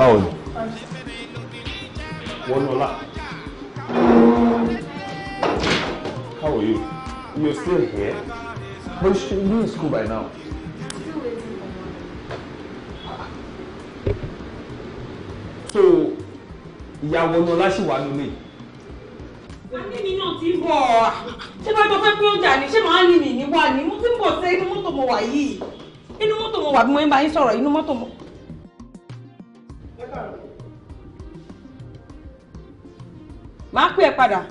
báwo ni. wọnọlá how are you you still here but you should be in school by now. so ìyá wọnọlá ṣì wà nílé. Mímí náà ti ń bọ̀ ọ́. Ṣé bá jọ fẹ́ pé ó jà ní? Ṣé màá ní mi ní wà ní? Mo ti ń bọ̀ sí inú mọ́tò mo wà yìí. Inú mọ́tò mo wà bí mo ń bá yín sọ̀rọ̀ inú mọ́tò mo. màá pè ẹ́ padà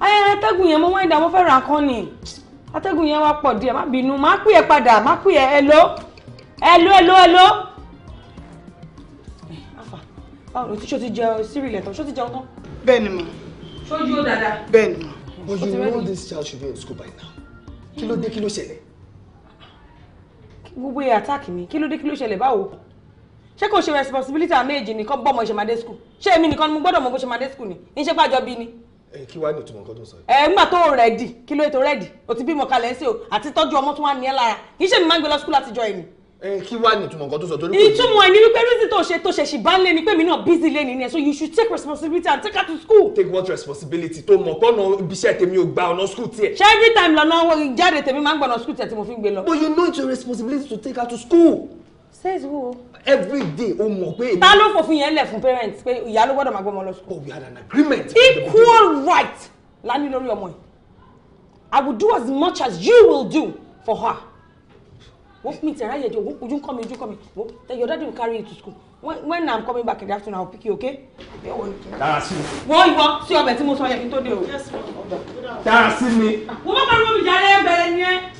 ayẹyẹ atẹ́gùn yẹn mo wá ń dà mo fẹ́ ra nǹkan ni atẹ́gùn yẹn wá pọ̀ díẹ̀ má bínú màá pè ẹ́ padà màá pè ẹ́ hello hello hello hello. afa báwo ló ti ṣó ti jẹ sírì lẹ́tọ̀ ṣó ti jẹun tán. bẹ́ẹ̀ ni mà. ṣojú ó dáadáa. bẹ́ẹ̀ ni mà. but you know this child should be in school by now kí ló dé kí ló ṣẹlẹ̀. gbogbo ẹ̀ àtàkì mi kí ló dé kí ló ṣẹlẹ̀ báwo ṣé kò ṣe responsibility àmì èjì nìkan bọ́ ọmọ ìṣèmàdé school ṣé èmi nìkan ni mo gbọ́dọ̀ mọ bó ṣe màdé school ni iṣẹ́ pàjọ bí ni. ẹ kí wàá ní ìtumọ̀ nǹkan tó ń sọ yìí. ẹ ńgbà tó rẹ̀dì kí ló ètò rẹ̀dì o ti bímọ kalẹ̀ sí o àti tọ́jú ọmọ tó wà ní ẹ lára kì í ṣe mi máa ń gbé lọ school láti jọ ẹni. ẹ kí wàá ní ìtumọ̀ nǹkan tó sọ torí kò ní. ìtumọ̀ wípé rísì tó ṣe tó ṣe ṣì bá ń lé ni pé busy lé so you should take responsibility and take her to school. take what responsibility tó mọ̀ pọ́nà ibiṣẹ́ tèmi ò gba ọ̀nà school tiẹ̀. ṣé every time lọ́nà jáde tèmi máa ń gbọ́nà school tiẹ̀ tí mo but you know it's your responsibility to take her to school says who. every day o mọ̀ pé. ta ló fòfin yẹn lẹ̀ fún parents pé ìyá ló gbọ́dọ̀ máa gbọ́ ọmọ lọ sùn. Oh, we had an agreement. equal right la ní lórí ọmọ yìí i will do as much as you will do for her. wọ́n mi tẹ̀ra yẹ jọ wọ́n ojú ń kọ́ You ojú ń kọ́ mi your daddy will carry you to school when, when i'm coming back in the afternoon i will pick you okay. dára sí mi. wọ́n ìwọ sí ọbẹ̀ tí mo sọ yẹ kí n tó dé o. dára sí mi. wọ́n bá bá rúbọ̀ mi jáde bẹ̀rẹ̀ ni ẹ.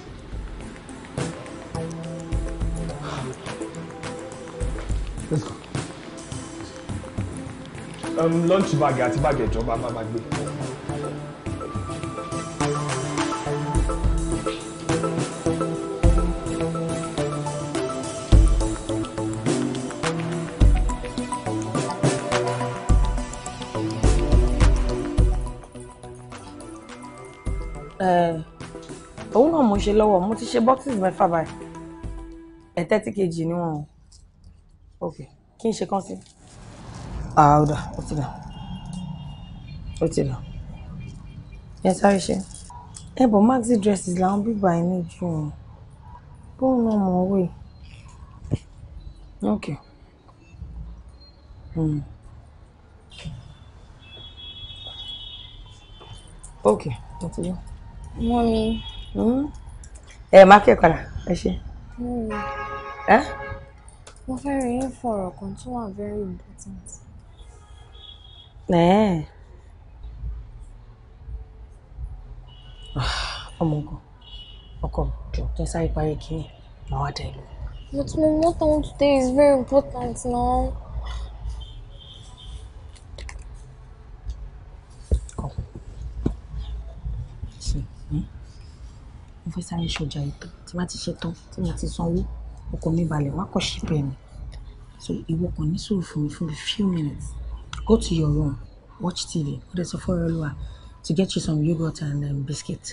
let's go. Um, lunch bag àti bag ìjọba máa ma gbé. Eh, òun náà mo ṣe lọ́wọ́ mo ti ṣe boxes mẹ́fà báyìí ẹ̀ thirty kg níwọ̀n ok kí n ṣe kán sí. àwòdà ó ti dà ó ti dà yẹn sáré ṣe. ẹ bọ̀ maxi dresses làwọn bíbá ẹ̀ ní ju òun bóun náà mọ̀ wé ok. Mm. ok mo ti yọ. wọ́n mi. Hmm? ẹ má kẹ́kọ̀ọ́ ẹ ṣe. ẹ mo fẹ́ rí yín fọ̀rọ̀ kan tó wà very important. ẹ̀ẹ́ ah, ọmọ ogun ọkọ jọ tó sáré parí kínní màá wá dá ẹ lò. but my what I want today is very important now. Hmm? mo fẹ́ sáré ṣọjà ètò tí má ti ṣe tán tí mo ti sanwó ọkàn mi balẹ̀ wá kọ̀ ṣí pẹ̀lú so ìwọ kàn ní sùúrù fún mi for a few minutes go to your room watch tv ó dẹ̀ sọ fún Ọlọ́run to get you some yogurt and um, biscuit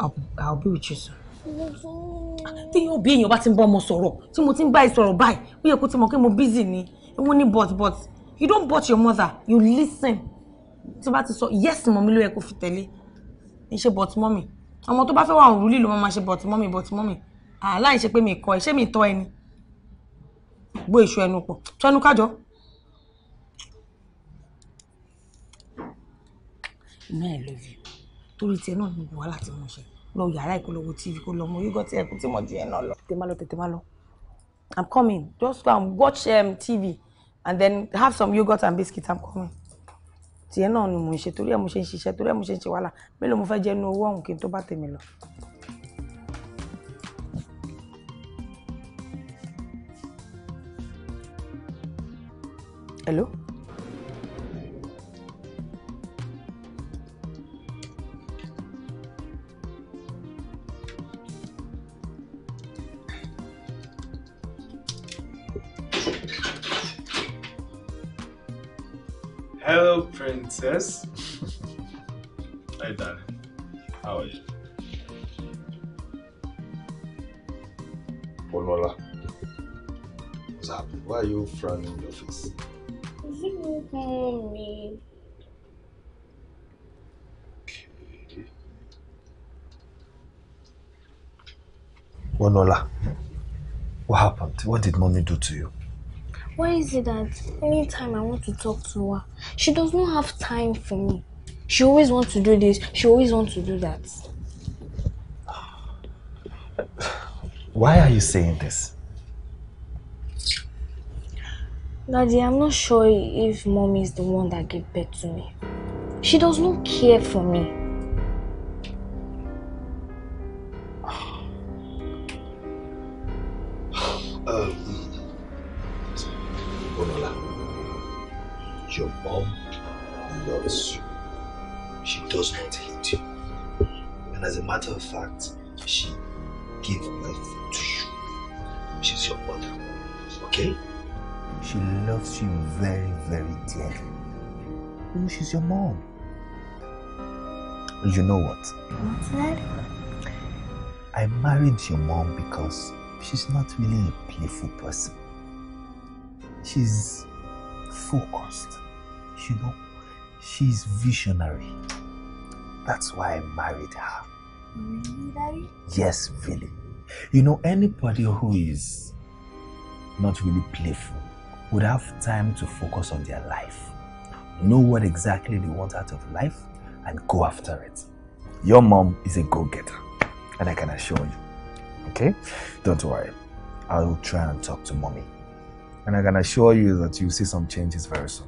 I'll, I'll be with you soon tí yóò bí èèyàn bá ti ń bọ́ ọmọ sọ̀rọ̀ tí mo ti ń bá ẹ sọ̀rọ̀ báyìí ó yẹ kó ti mọ̀ pé mo busy ni ewu ni but but you don't but your mother you listen tí bá ti sọ yes mọ̀mí ló yẹ kó fi tẹ̀lé ẹ ṣe but mọ́mì ọmọ tó bá fẹ́ wà òrùlé ló máa ṣe but mọ́mì but mọ́mì aláì ṣe pé mi kọ ẹ mi tọ ẹni gbó èso ẹnu pọ̀ tọ́nu kájọ. inú ẹ love you torí tiẹ̀ náà ní gbogbo wàhálà tí mo ṣe lọ yàrá ìkólówó tv kó lọ mọ yígọ tí ẹkú tí mo jẹ náà lọ. tètè lọ tètè lọ i'm coming just go and watch um, tv and then have some yogurt and biscuit i'm coming tiẹ̀ náà ni mo ń ṣe torí ẹ̀ mo ṣe ń ṣiṣẹ́ torí ẹ̀ mo ṣe ń ṣe wàhálà mélòó mo fẹ́ jẹ́ inú owó ọ̀hún kí n tó bá tèmi lọ. hello. Hello, princess. Hi, darling. How are you? Bonola. What's happening? Why are you frowning in your face? Call me. Wanola, what happened? What did mommy do to you? Why is it that anytime I want to talk to her, she does not have time for me? She always wants to do this, she always wants to do that. Why are you saying this? Daddy, I'm not sure if mommy is the one that gave birth to me. She does not care for me. You know what? What's that? I married your mom because she's not really a playful person. She's focused, you know. She's visionary. That's why I married her. Really, Daddy? Yes, really. You know, anybody who is not really playful would have time to focus on their life, know what exactly they want out of life, and go after it. Your mom is a go-getter, and I can assure you. Okay? Don't worry. I will try and talk to mommy. And I can assure you that you'll see some changes very soon.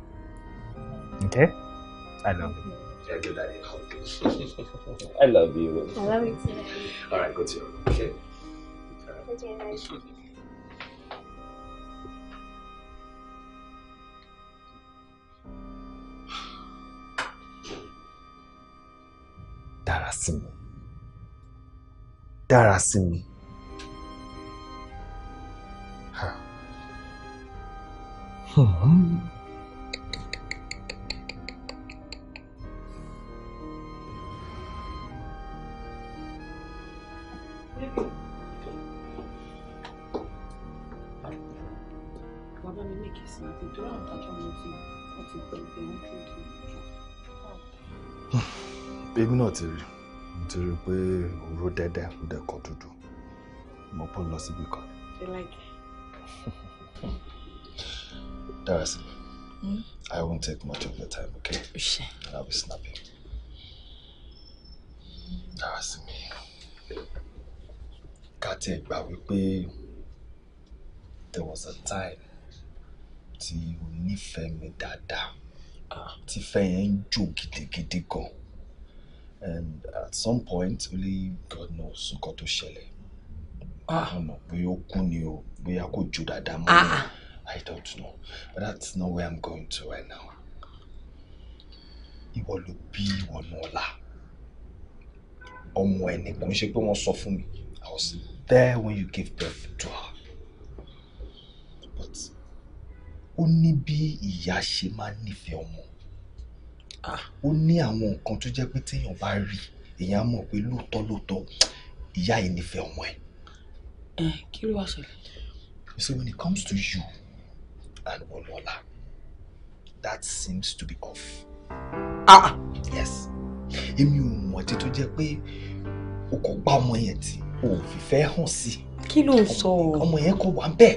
Okay? I love you. Yeah, give daddy a hug. I love you. I love you too. Alright, go to your room, okay? 따랐으니 따랐으니 Agora e quis, mas n t ã o ela tá com a mãozinha. Ela tem que e r um f i t èmi náà ti rí mo ti rí i pé òru dẹ́dẹ́ ló dẹ̀ kọ́ dúdú mo pọ̀ lọ síbi kan. Darasimi, mm? I won't take much of your time, okay? Sure. I'll be snapping. snappy. Darasimi, ká tiẹ̀ gbà wípé there was a time tí o nífẹ̀ẹ́ mi dáadáa ah. tí fẹ́ yẹn ń jò gidigidi gan and at some point only God knows nǹkan tó ṣẹlẹ̀ ọ̀nà ah. bóyá ó kún ni o bóyá kò ju dáadáa mọ́ ah, ah. I don't know but that's not where I'm going to right now ìwọ ló bí ìwọ náà la ọmọ ẹni kò ń ṣe pé wọ́n sọ fún mi I was there when you gave birth to her but ó ní bí ìyá ṣe máa nífẹ̀ẹ́ ọmọ ó ní àwọn nǹkan tó jẹ́ pé téèyàn bá rí èèyàn á mọ̀ pé lóòótọ́ lóòótọ́ ìyá yìí nífẹ̀ẹ́ ọmọ ẹ̀. kí ló wá ṣẹlẹ̀. you see when it comes to you and Olola that seems to be off. ah yes èmi ò mọ̀ tí tó jẹ́ pé o kò gbá ọmọ yẹn tí o ò fìfẹ́ hàn sí. kí ló ń sọ o. ọmọ yẹn kò wá bẹ́ẹ̀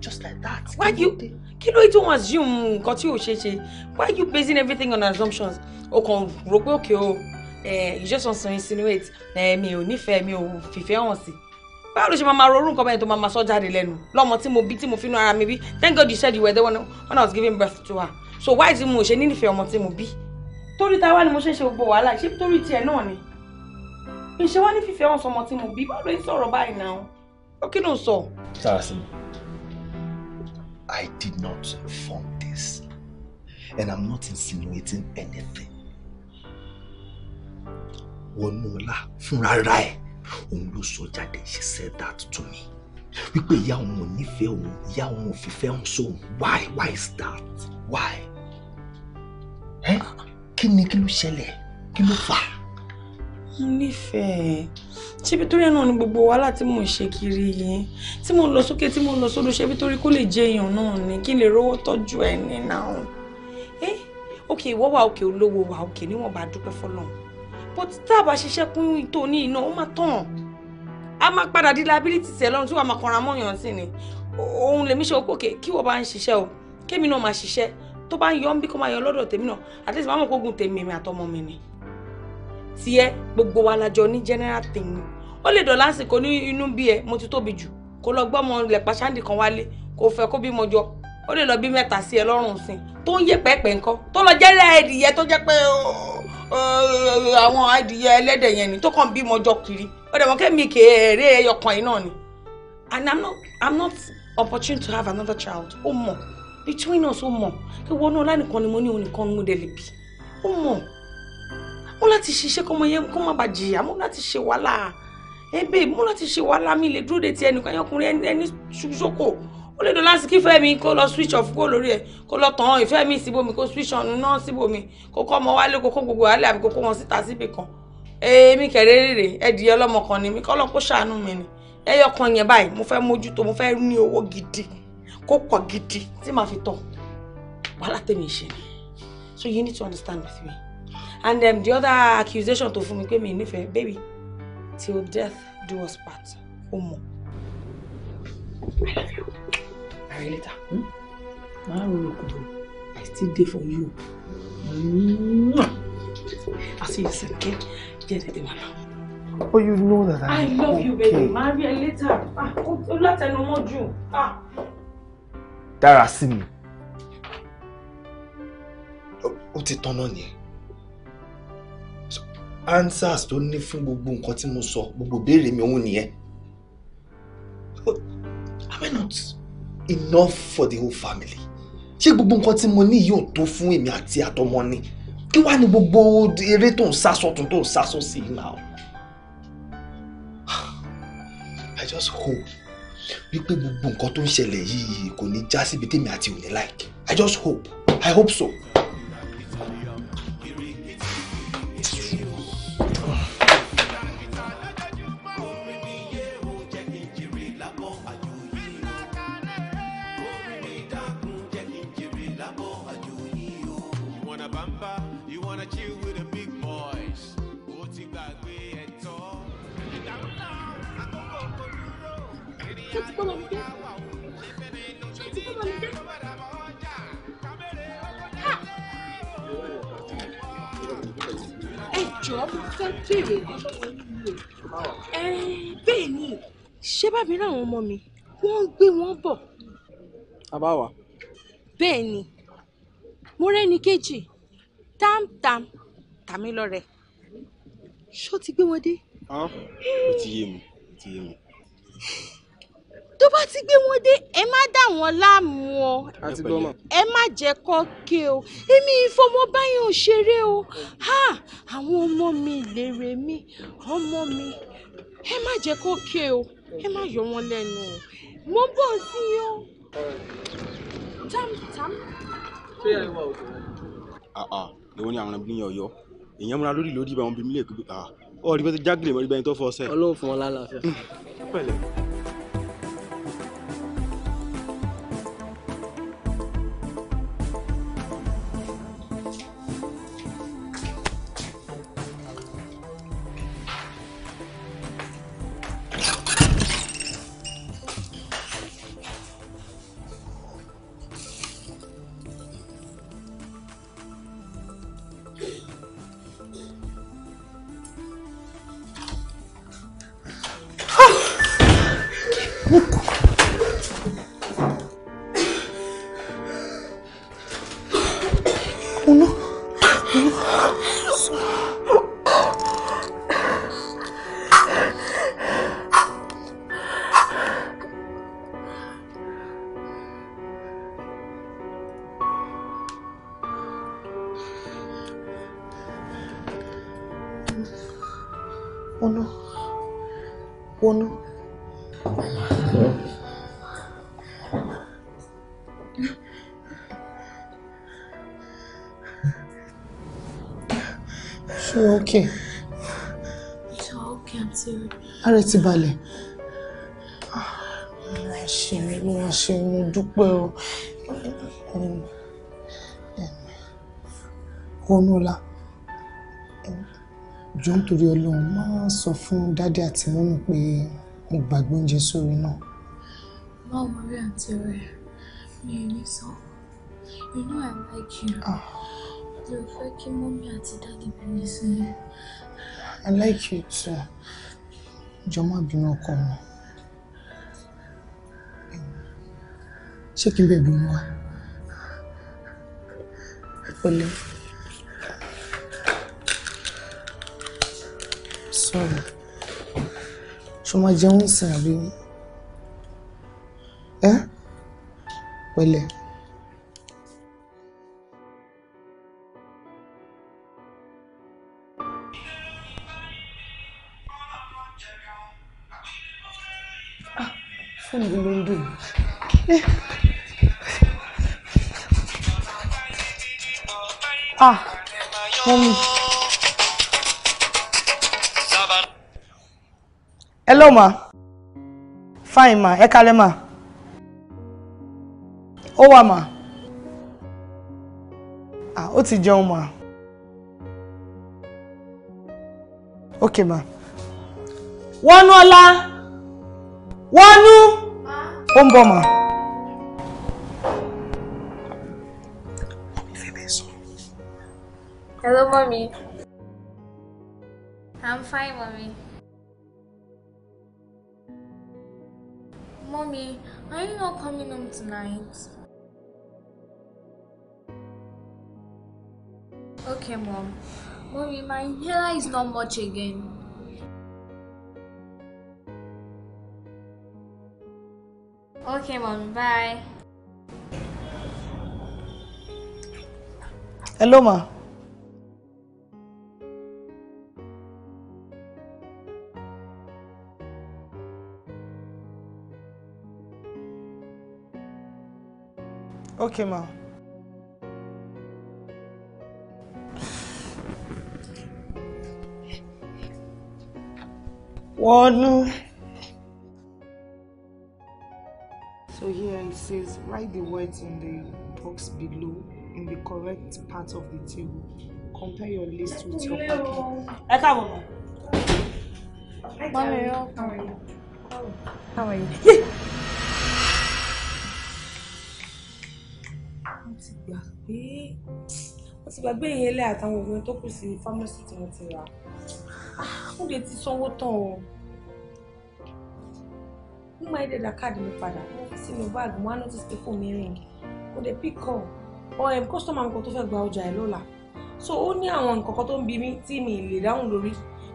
just like that. why you kí ló tún assume nǹkan tí ò ṣe ṣe why you basing everything on assumptions o kàn rò pé òkè o eh, you just want to insinuate eh, mi ò nífẹ̀ẹ́ mi ò fìfẹ́ hàn sí báwo ló ṣe máa ro orú nǹkan bẹ́ẹ̀ tó máa sọ jáde lẹ́nu lọ́mọ tí mo bí tí mo fi inú ara mi bí thank God you said you were there when, when I was giving birth to her so why ti mo ṣe nífẹ̀ẹ́ ọmọ tí mo bí torí ta wá ni mo ṣe ṣe gbogbo wàhálà ṣé torí tiẹ̀ náà ni ìṣe wá ní fífẹ́ hàn sọmọ tí mo bí báwo ló ń sọ̀rọ̀ báyìí náà ó kí ló ń sọ. sára sí mi I did not inform this. And I'm not insinuating anything. Wọnúọlá fúnra umlu ẹ̀ òun she said that to me. Wípé ìyá òun ò nífẹ̀ẹ́ òun, ìyá òun ò fìfẹ́ òun sóun. Why? Why is that? Why? Eh? kí ni kí ló ṣẹlẹ̀? mo nífẹ̀ẹ́ ṣébi torí ẹ̀ náà ni gbogbo wàhálà tí mò ń ṣe kiri yìí tí mo lọ sókè tí mo lọ sódò ṣébi torí kó lè jẹ èèyàn náà ni kí n lè rówó tọ́jú ẹ̀ ní náà ẹ́ òkè ìwọ́ wa òkè olówó wa òkè níwọ̀n bá dúpẹ́ fọlọ́run but tá a bá ṣiṣẹ́ kún ìtò ní iná ó máa tàn á máa padà di liability sí ẹ lọ́run tí wàá máa kanra mọ́yàn sí ni òun lèmi ṣe òkè kí wọ́n bá ń ṣiṣẹ́ o kémi náà máa ṣiṣẹ́ tó bá ń yọ ń bí kó máa yọ lọ́dọ̀ tèmi náà àti ìsìn máa mọ̀ kó gun tèmi àtọmọ mi ni tiẹ gbogbo wa lajọ ní general thing ni ó lè dọ̀lá àsìkò ní inú bí ẹ mo ti tóbi jù kó lọ gbọ́mọ lẹ̀pà ṣáǹdì kan wálé kó fẹ́ kó bímọ jọ ó lè lọ bí mẹ́ta sí ẹ lọ́rùn sí tó ń yé pẹ́ẹ́pẹ́ nǹkan tó lọ jẹ́rẹ́ adìyẹ tó jẹ́ pé àwọn adìyẹ ẹlẹ́dẹ̀ yẹn ni tó kàn bímọ jọ kiri ó dẹ̀ wọ́n kẹ́mi kéré ẹyọkàn yìí náà ni and i'm not i'm not opportune to have another child ó mọ̀ between us ó mọ̀ ìwọ náà lánìkan ni mo ní òun nìkan ni mo dẹ̀ lè mo láti ṣiṣẹ́ kọ́mọ yẹn kó má bàa mo láti ṣe wàhálà ẹ mo láti ṣe wàhálà mi lè dúró de ti ẹnìkan yẹn ọkùnrin ẹni ṣoṣoko ó lè dọ̀ láti kí fẹ́ mi kó lọ switch off kó lórí ẹ̀ kó lọ tàn ìfẹ́ mi síbòmí kó switch on náà síbòmí kó kọ́ ọmọ wálé kó gbogbo wálé àbí kó wọn síta síbì kan èmi kẹ̀rẹ́ rèrè ẹ̀dì ọlọ́mọ kan ni mi kọ́ lọ kó ṣàánú mi ni ẹyọ kan yẹn báyìí mo fẹ́ mójútó mo fẹ́ ní owó gidi kó pọ̀ gidi tí màá fi tọ̀ wàhálà tèmi ṣe so you need to understand with me and um, the other accusation to fún mi pé mi nífẹ̀ẹ́ baby till death do us part ó mọ̀. I love you. Marry later. Hmm? Máa ro ìkòkò. I still there for you. I see Àti ìsìnkẹ́ Get tètè Mama. Oh, you know that I, I love okay. you, baby. Marry later. Ah, ó látẹnumọ́ jù. Ah. Dára sí mi. Ó ti on here? answers tó ní fún gbogbo nǹkan tí mo sọ gbogbo ìbéèrè mi òun nìyẹn am I not enough for the whole family ṣé gbogbo nǹkan tí mo ní yóò tó fún èmi àti àtọmọ ni kí wàá ní gbogbo eré tó ń sá sọ́tún tó ń sá sósì now I just hope wípé gbogbo nǹkan tó ń ṣẹlẹ̀ yìí kò ní já síbi tèmi àti òní like I just hope I hope so. kọ́ bá mi jẹ́ ṣé mi jẹ́. ẹ jọ̀ọ́ mo fẹ́ béèrè lọ́wọ́ yìí o ẹ bẹ́ẹ̀ ni ṣé bá mi ráwọn ọmọ mi wọ́n ń gbé wọn bọ̀. àbáwá. bẹ́ẹ̀ ni mo rẹ́ni kejì tamtam tàmílọ́rẹ̀ ṣó ti gbé wọn dé. ó ti yé mi ti yé mi tó bá ti gbé wọn dé ẹ má dà wọn láàmú ọ ẹ má jẹ́ kó ké o èmi ìfọmọ báyìí ò ṣeré o ha àwọn ọmọ mi ìlérè mi ọmọ mi ẹ má jẹ́ kó ké o ẹ má yọ wọn lẹ́nu o mo bọ̀ sí i o tamtam. ṣé ìyá ìwà òkè rẹ. àà ah, ah. èwo ni àwọn abúlé yẹn ọyọ èèyàn múra lórí lórí ibà wọn bí mílíọ̀nù ọ ah. rí bẹ́ẹ̀ jágìlì mọ́ rí tó fọ́ ọ sẹ́ẹ̀. ọlọ́run fún ọ lálàáfíà. ti balẹ̀. Olúwa ṣe mí, Olúwa ṣe mí, mo dúpẹ́ o. Wọnúọlá, jọ ń torí Ọlọ́run máa sọ fún dádì àti mọ́mí pé mo gbàgbé oúnjẹ sórí náà. Báwo rí àǹtí rẹ̀? Mi ò ní sọ. You know I like you. Ah. Mi ò fẹ́ kí mọ́mí àti dádì bí mi sí. I like you too jọ má bínú ọkọ mi ṣé kí n bẹ bínú wa pẹ̀lẹ́ sọ̀rọ̀ ṣo máa jẹun sìn àbí ẹ pẹ̀lẹ́. fún mi ah vamos hello ma fine ma é calma ma ó ma ah ó ti jẹun ma ok ma wọnú ọlá wọnú ó ń bọ̀ mọ́. Hello, mommy. I'm fine, mommy. Mommy, are you not coming home tonight? Okay, mom. Mommy, my hair is not much again. Okay, mom. Bye. Hello, ma. Okay, ma. One. says write the words in the box below in the correct part of the table. Compare your list with your packet. Ẹ káàbọ̀ mọ́. Mami, how are you? How are you? Mo ti gbàgbé mo ti gbàgbé ìyẹlẹ àtàwọn òògùn tó kù sí fámọ́sì tí wọ́n ti rà. Ah, mo lè ti sanwó tán o nígbà yẹn dẹ̀dà káàdì mi padà mo fi sínú báàgì mo á notice pé fóònù mi rìn mo dẹ̀ pick call ọ̀hún kọ́sọ́mà mi kan tó fẹ́ gba ọjà ẹ̀ lọ́la so ó ní àwọn nǹkan kan tó ń bi mí tí mi lè dáhùn lórí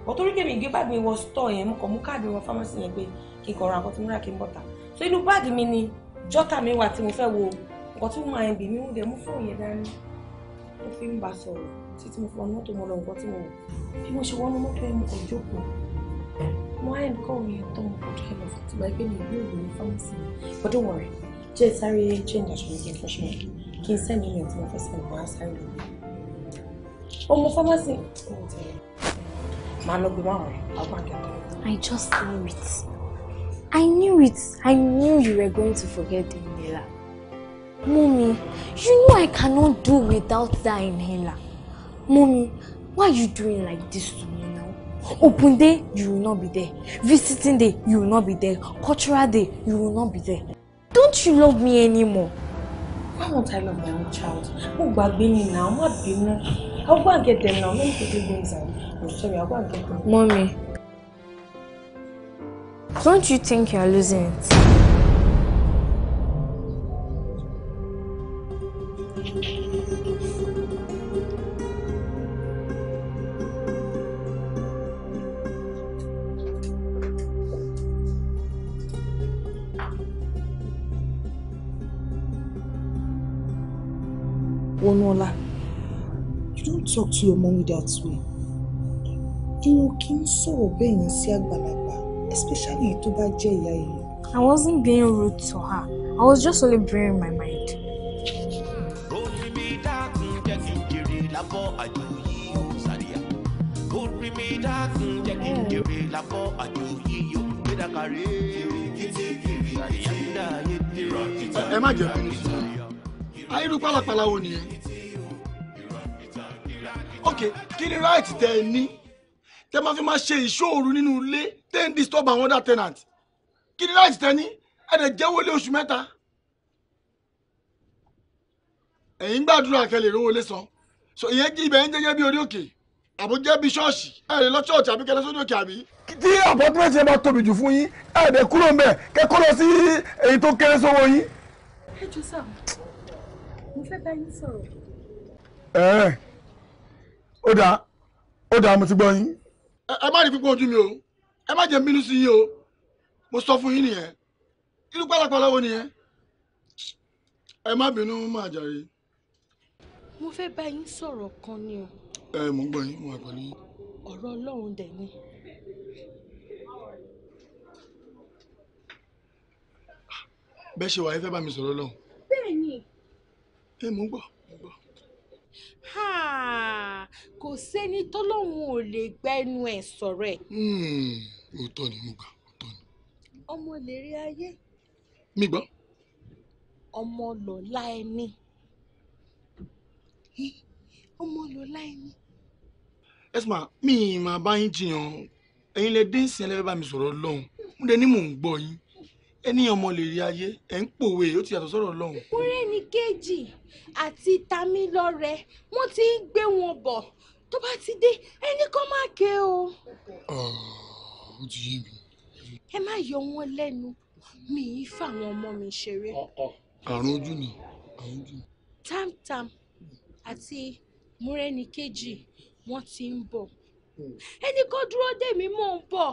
ọ̀tọ́rí kèmí gbé báàgì mi wọ store yẹn mo kàn mú káàdì wọ pharmacy yẹn pé kí n kọ̀ ra nǹkan tí mo rà kí n bọ̀ta so inú báàgì mi ni jọ́tà mi wà tí mo fẹ́ wo nǹkan tí mo máa ń bì mí mo dẹ̀ mú fóònù yẹn dání mo fi ń bá sọ̀rọ̀ Why á ẹ̀kọ́ mi tó ń bọ̀ drive off ti but don't worry jẹ́ sáré change aṣọ mi kí n fọṣọ yẹn kí n send email tí mo fẹ́ send wọ́n á sáré lò mí. ọmọ pharmacy máa lọ gbé máa rẹ̀ I just knew it. I knew it. I knew you were going to forget the inhaler. Mommy, you know I cannot do without that inhaler. Mommy, why are you doing like this to me? Open day, you will not be there. Visiting day, you will not be there. Cultural day, you will not be there. Don't you love me anymore? Why won't I love my own child? Who gbàgbé me now, má bínú. I'll go and get them now. Let me take the things out. I'm oh, sorry, I'll go and get them. Mommy, don't you think you're losing it? Adémọ́lá, you don't talk to your mommy that way. Ìwọ̀n kì í sọ̀rọ̀ bẹ́ẹ̀ yẹn especially to tó bá I wasn't being rude to her. I was just only bearing my mind. Orí mi dákun jẹ́ kí n kiri lábọ́ ok kí ni right tẹ ẹ ní tẹ máa fi máa ṣe ìṣòro nínú ilé tẹ ń disturb àwọn other tenant kí ni right tẹ ní ẹ dẹ̀ jẹ́wọ́ lé oṣù mẹ́ta ẹ̀yin gbàdúrà kẹlẹ̀ rówó lé san so ìyẹn kí ibẹ̀ ń jẹ́jẹ́ bí orí òkè àbújẹ́ bí ṣọ́ọ̀ṣì ẹ lè lọ ṣọ́ọ̀ṣì àbí kẹlẹ́ sódò òkè àbí. tí àpọ́tímẹ́sì yẹn bá tóbi jù fún yín ẹ dẹ̀ kúrò ń bẹ̀ kẹ́kọ́ lọ sí èyí tó kéré sówó yín. ẹ jọ sáà mo fẹ́ bá yín sọ̀rọ̀ ó dáa ó dáa mo ti gbọ́ yín. ẹ má rí pípọ́ ojú mi o ẹ má jẹ́ bínú sí yín o mo sọ fún yín nìyẹn irú pálapàla wo nìyẹn ẹ má bínú máa jàre. mo fẹ́ bá yín sọ̀rọ̀ kan ni o. ẹ mò ń gbọ́ yín mo wà pẹ̀lú yín. ọ̀rọ̀ ọlọ́run dẹ̀ ni. bẹ́ẹ̀ ṣe wà ẹ fẹ́ bá mi sọ̀rọ̀ lọ́hùn. bẹ́ẹ̀ ni. ẹ mò ń gbọ́ kò sẹ́ni tó lóun ò lè gba ẹnu ẹ̀ sọ̀rọ̀ ẹ̀. Hmm, òótọ́ ni mo gbà òótọ́ ni. ọmọ lè rí ayé. mi gbọ́. ọmọ lọ́la ẹni. ọmọ lọ́la ẹni. ẹ̀sùn mi máa bá yín jiyàn ẹ̀yin lè dé ìsìn ẹlẹ́fẹ́ bá mi sọ̀rọ̀ lọ́hùn-ún mo dé ní mò ń gbọ́ yín ènìyàn mọ lè rí ayé ẹ̀ ń pòwe ó ti yàtọ̀ sọ̀rọ̀ lọ́hùn. kúrẹ́ ní kejì àti tamilọ́rẹ wọ́n ti ń gbé wọn bọ̀ tó bá ti dé ẹni kan máa ké o. ó ti yé mi. ẹ má yọ wọn lẹ́nu mi ì fáwọn ọmọ mi ṣeré. àrùn ojú ni àrùn ojú. tamtam àti múrẹ́ni kejì wọ́n ti ń bọ̀ hmm. ẹnì kan dúró dè mí mò ń bọ̀.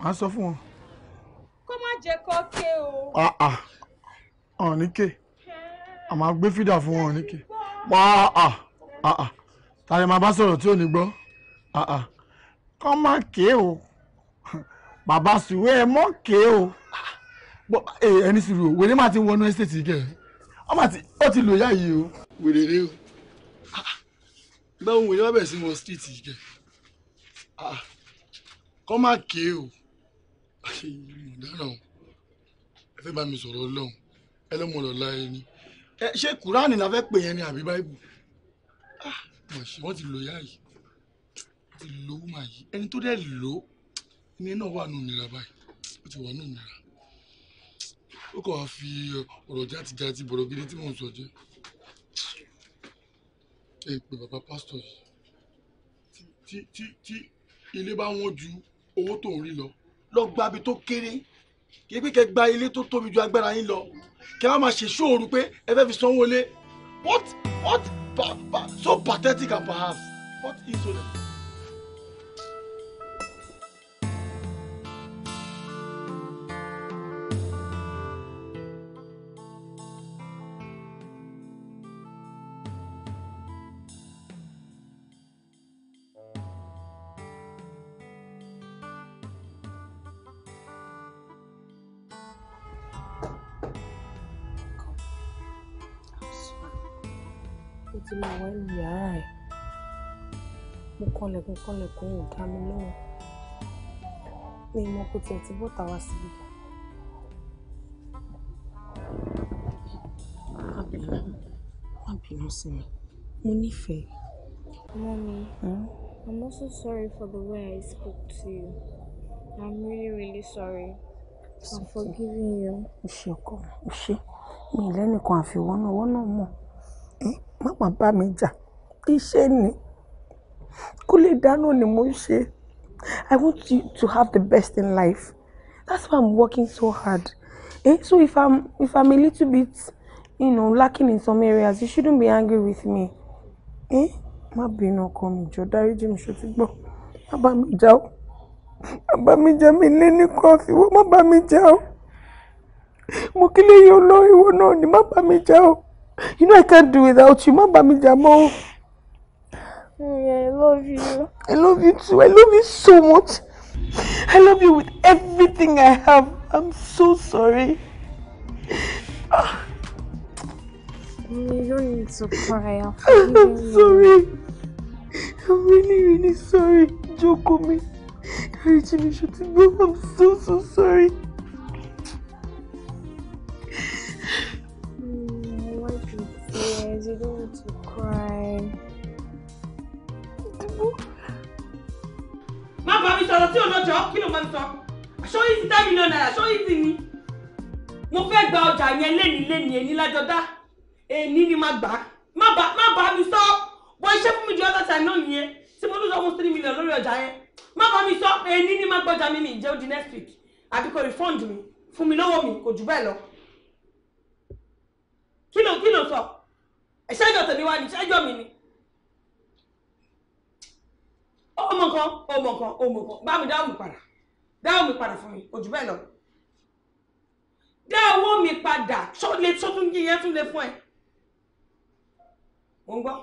màá sọ fún wọn kó má jẹ́ kó ké o. ọ̀n ní ké àmọ́ gbé fídà fún wọn ní ké tàyẹ̀ máa bá sọ̀rọ̀ tí ò ní gbọ́ ah, ah. kó má ké o bàbá sùwé ẹ mọ́ ké o ẹni sùúrù wèrè má ti wọnú ẹ́stéètì kẹ ọ ti lò yá yìí o. wèrè rè o ah, báwo wèrè má bẹ̀rẹ̀ sí wọn stíìtì kẹ kó má ké o ọ̀daràn ẹ fẹ́ bá mi sọ̀rọ̀ ọlọ́run ẹ lọ́mọ ọ̀la ẹni ẹ ṣé kúránì la fẹ́ pè yẹn ni àbí báìbù ah, wọ́n ti lò yá yìí wọ́n ti lò ó máa yìí ẹni tó dẹ̀ lò ó ẹni náà wà nù nira báyìí ó ti wà nù nira ó kàn wá fi ọ̀rọ̀ játijàti bọ̀rọ̀ gidi tí mò ń sọ jẹ́ ẹ pé bàbá pásítọ̀ yìí tí tí tí ilé bá wọ́n ju owó tó ń rí lọ lọ gba ibi tó kéré kí pé kẹ gba ilé tó tóbi ju agbára yín lọ kẹ wá máa ṣe sóòrù pé ẹ fẹ́ fi sanwó lé what what so pathetic and perhaps what insolence. ó ti máa wá ní yàrá ẹ̀ mo kànlẹ̀kùn kànlẹ̀kùn ò dá mi lóhùn mi mọ kó tiẹ̀ ti bọ́ta wá síbi. má bínú má bínú sí mi mo nífẹ̀ẹ́. Mommy, hmm? I'm also sorry for the way I spoke to you. I'm really, really sorry. I'm forgiving you. Ó ṣe ọkọ, ó ṣe. Mi ìlẹ́nìkan àfi wọ́n náà, wọ́n náà mọ̀ má má bá mi jà iṣẹ́ ni kúlẹ̀ dáná ni mo ṣe I want you to have the best in life that's why I'm working so hard eh so if I'm if I'm a little bit you know lacking in some areas you shouldn't be angry with me eh má bínú ọkọ mi jọ dáríjì mi ṣe ti gbọ́ má bá mi jà o má bá mi jà mi lé ní kọ́ọ̀sì wọ́n má bá mi jà o mo kí lè yọ lọ ìwọ náà ni má bá mi jà o. You know I can't do without you. Má bà mí jà mọ́. I love you. I love you too. I love you so much. I love you with everything I have. I'm so sorry. You don't need to cry. I'm sorry. I'm really, really sorry. Jókòó mi. Richie, I'm so, so sorry. Yes, you don't need to cry. Ma ba, mi sọ̀rọ̀ tí ò lọ́jọ́ kí ló máa ń sọ? Aṣọ yìí ti ten million naira, aṣọ yìí ti ní. Mo fẹ́ gba ọjà yẹn lénìí lénìí èní lájọ dá. Èní ni máa gbà ba Má ba mi sọ. Bọ́ iṣẹ́ fún mi ju ọ̀dọ̀ tà náà nìyẹn. Tí mo lose almost three million lórí ọjà yẹn. Má ba mi sọ. Èní ni máa gbọ́jà mi mi ìjẹ́ odi next week. Àbí kò refund mi. Fún mi lówó mi kò jù bẹ́ẹ̀ lọ. Kí ló kí ló sọ? ẹ̀ṣẹ́ ìjọ tèmi wá ní ṣẹ́jọ́ mi ni ọmọ kan ọmọ kan ọmọ kan bá mi dáhùn mi padà dáhùn mi padà fún mi òjú bẹ́ẹ̀ lọ dáhùn mi padà tó lè tó tún yí yẹn tún lè fún ẹ mo ń gbọ́.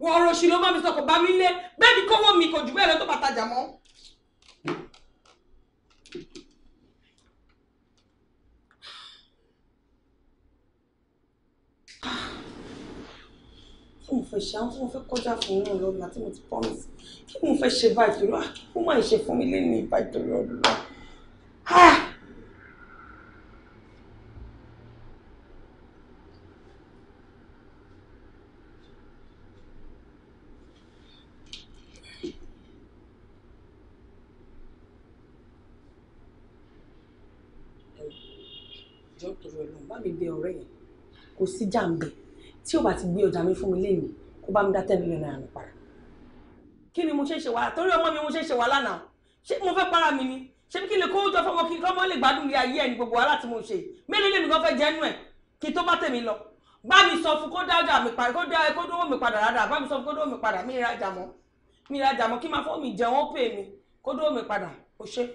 wọ́n ọ̀rọ̀ òṣì ló bá mi sọ bá mi lé bẹ́ẹ̀ ni kówó mi kò jù bẹ́ẹ̀ lọ tó bàtàjà mọ́. mo fẹ́ ṣe àwọn tí mo fẹ́ kọjá fún yín ọlọ́run àti mo ti promise kí mo fẹ́ ṣe báyìí torí ó ah, máa ṣe fún mi lẹ́nu ìbáyìí torí ọdún lọ. Ah! jọ́ torí ọlọ́run bá mi bẹ ọ̀rẹ́ yẹn kò sí jàǹbẹ̀ tí o bá ti gbé ọjà mi fún mi léèmí kó bá mi dá ten million naira mi padà kí ni mo ṣe ṣe wá torí ọmọ mi mo ṣe ṣe wá lánàá ṣé mo fẹ́ para mi ni ṣé kí lè kówó jọ fọmọ kí kọ́mọ lè gbádùn ilé ayé ẹni gbogbo wa láti mo ṣe mélòó lèmi kan fẹ́ jẹ́nu ẹ̀ kí tó bá tèmi lọ bá mi sọ fún kó dá mi padà kó dá kó dówó mi padà rárá bá mi sọ fún kó dówó mi padà mi ìrajà mọ́ mi ìrajà mọ́ kí máa fọ́ mi jẹun ó pè mí kó dówó mi padà ó ṣe.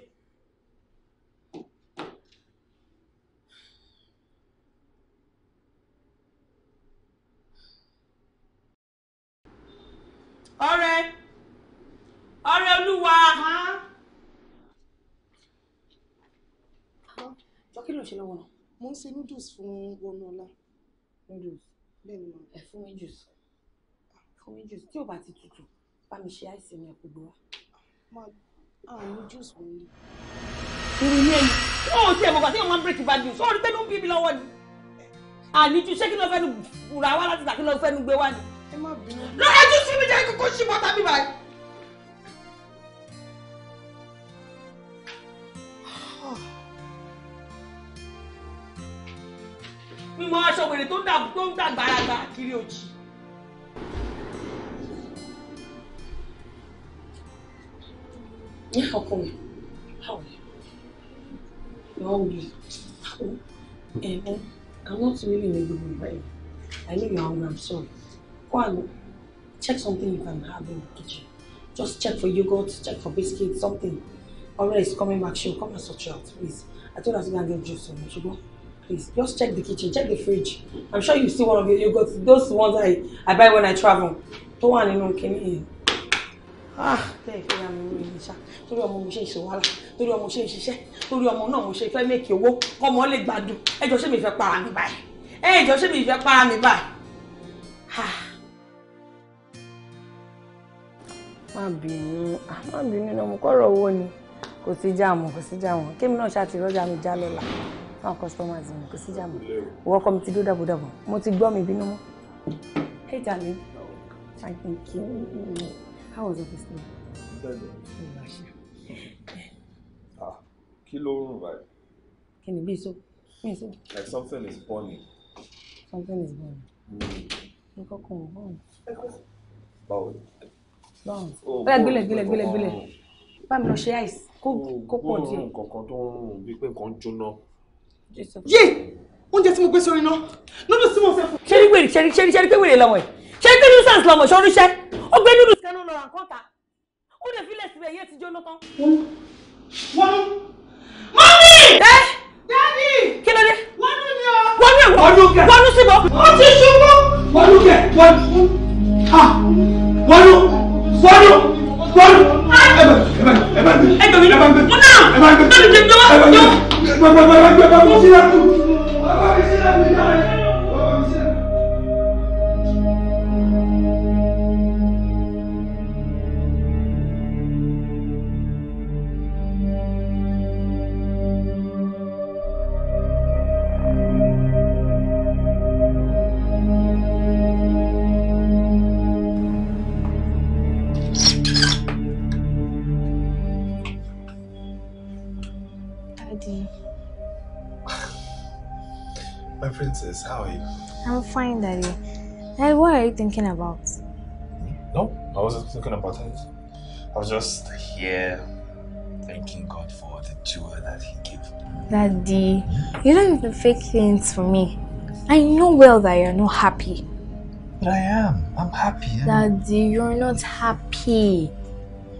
ọrẹ ọrẹ olúwa. jọ kí ló ń ṣe lọ́wọ́ náà. mo ń ṣe noodles fún wọnúọlá. noodles bẹ́ẹ̀ ni mo. ẹ fún mi juice ah, fún mi juice tí ò bá ti tutù bá mi ṣe àìsàn ní ẹ̀kọ́ gbọ́ wa. máa àwọn juice wọn ni. irú ní ẹ̀yìn ó ti ẹ̀ mọ̀gbà tí wọ́n máa ń bírèkì bá juice ó rí pé ló ń bí mi lọ́wọ́ ni. àníjú ṣé kí ló fẹ́ nu rà wá láti tà kí ló fẹ́ nu gbé wá ni lọ́rọ̀ tún fún mi jẹ́ kókó ṣì bọ́tà mi báyìí. mímọ aṣọ wèrè tó ń dà tó ń dà gbàràgbà kiri òjì. ní ọkọ mi báwo ni ìwọ ń bí ẹ ẹ i want to really make you my i know you are hungry i'm sorry. Go and check something you can have in the kitchen. Just check for yogurt, check for biscuits, something. Already, it's coming back. She'll come and sort you out, please. I told her to go and get juice for me. She go, please. Just check the kitchen, check the fridge. I'm sure you see one of your yogurts. Those ones I, I buy when I travel. Tó wà nínú kíní yìí. Ah, bẹ́ẹ̀ fẹ́ ra mi ní ìlú ṣá. Torí ọmọ mo ṣe ìṣe wàhálà. Torí ọmọ mo ṣe ìṣiṣẹ́. Torí ọmọ náà mo ṣe fẹ́ mẹ́kì owó. Kọ́mọ lè gbádùn. Ẹ jọ ṣé mi fẹ́ para mi báyìí. Ẹ jọ ṣé mi Ah. má bínú má bínú náà owó ni kò sí jáàmù kò sí jáàmù kémi náà ṣáà ti rọ́jà mi já lọ́la fáwọn customers mi kò sí jáàmù ìwọ ọkọ mi ti dó dàbòdàbọ̀ mo ti gbọ́ mi bínú mọ́. hey darling i thank you how was office day. Ah, kí ló ń rùn báyìí. kí ni bí so bí so. like something is burning. something is burning. nǹkan kan ò burn. báwo ọ̀rẹ́ gbélé gbélé gbélé gbélé bá mi lọ ṣe àìsí oh, kó pọ̀ díẹ̀. nǹkan kan tó ń rùn bíi pé nǹkan jóná. yé oúnjẹ tí mo gbé sórí náà lódò tí mo fẹ́ fún. ṣé ní wèrè ṣe ní ṣe ní ṣe ní pé wèrè lọ́wọ́ ẹ̀ ṣe ní pé nuisance lọ́mọ̀ ṣe oríṣẹ́ ó gbé nínú ìṣẹ́nu lọ́ra nǹkan ta ó lè fi lẹ̀ síbẹ̀ yé ti jóná tán. wọ́n mọ́mí. ẹ dádì. kí ló dé. wọ́n nù ni o. wọ́n nù ìwọ. wọ́n nù síbọ̀. ó ti ṣubú. wọ́n nù kẹ wọ́dù wọ́dù ẹgbẹ̀mí ló mú náà lọ́dún jẹjọ́. thinking about? No, I wasn't thinking about it. I was just here thanking God for the jewel that He gave. Daddy, you don't even fake things for me. I know well that you're not happy. But I am. I'm happy. I'm... Daddy, you're not happy.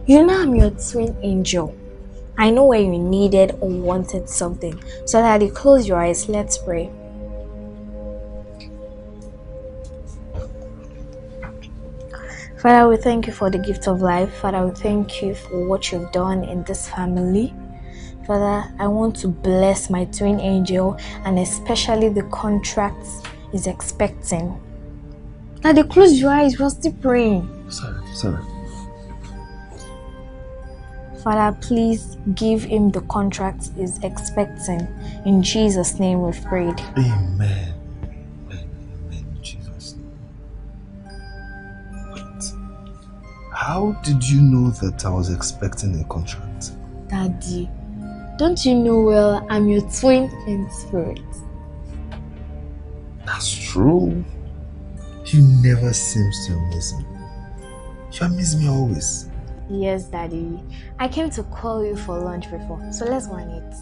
You know I'm your twin angel. I know where you needed or wanted something. So, Daddy, close your eyes. Let's pray. Father, we thank you for the gift of life. Father, we thank you for what you've done in this family. Father, I want to bless my twin angel and especially the contract is expecting. Now they close your eyes, we're still praying. Sorry, sorry. Father, please give him the contract is expecting. In Jesus' name we've prayed. Amen. How did you know that I was expecting a contract? Daddy, don't you know well I'm your twin in spirit? That's true. You never seems to miss me. You miss me always. Yes, Daddy. I came to call you for lunch before, so let's go and eat.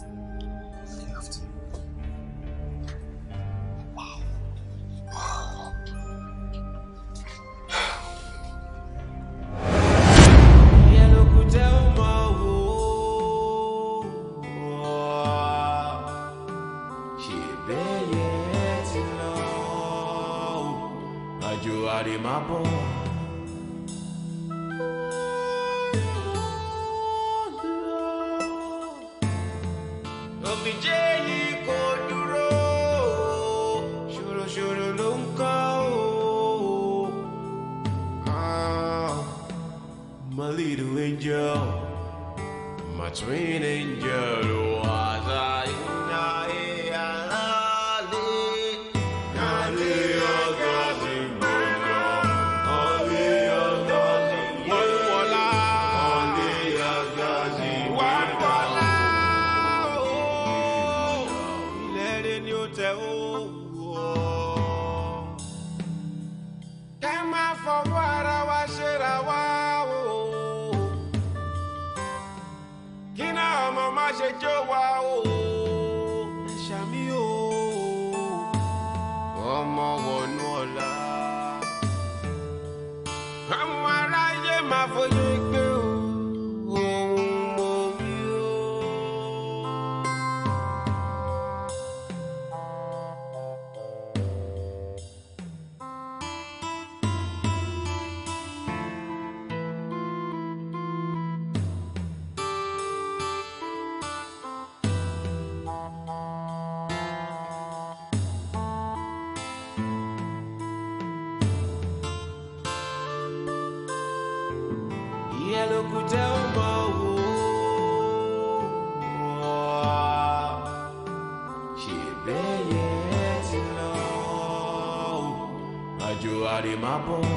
my bones.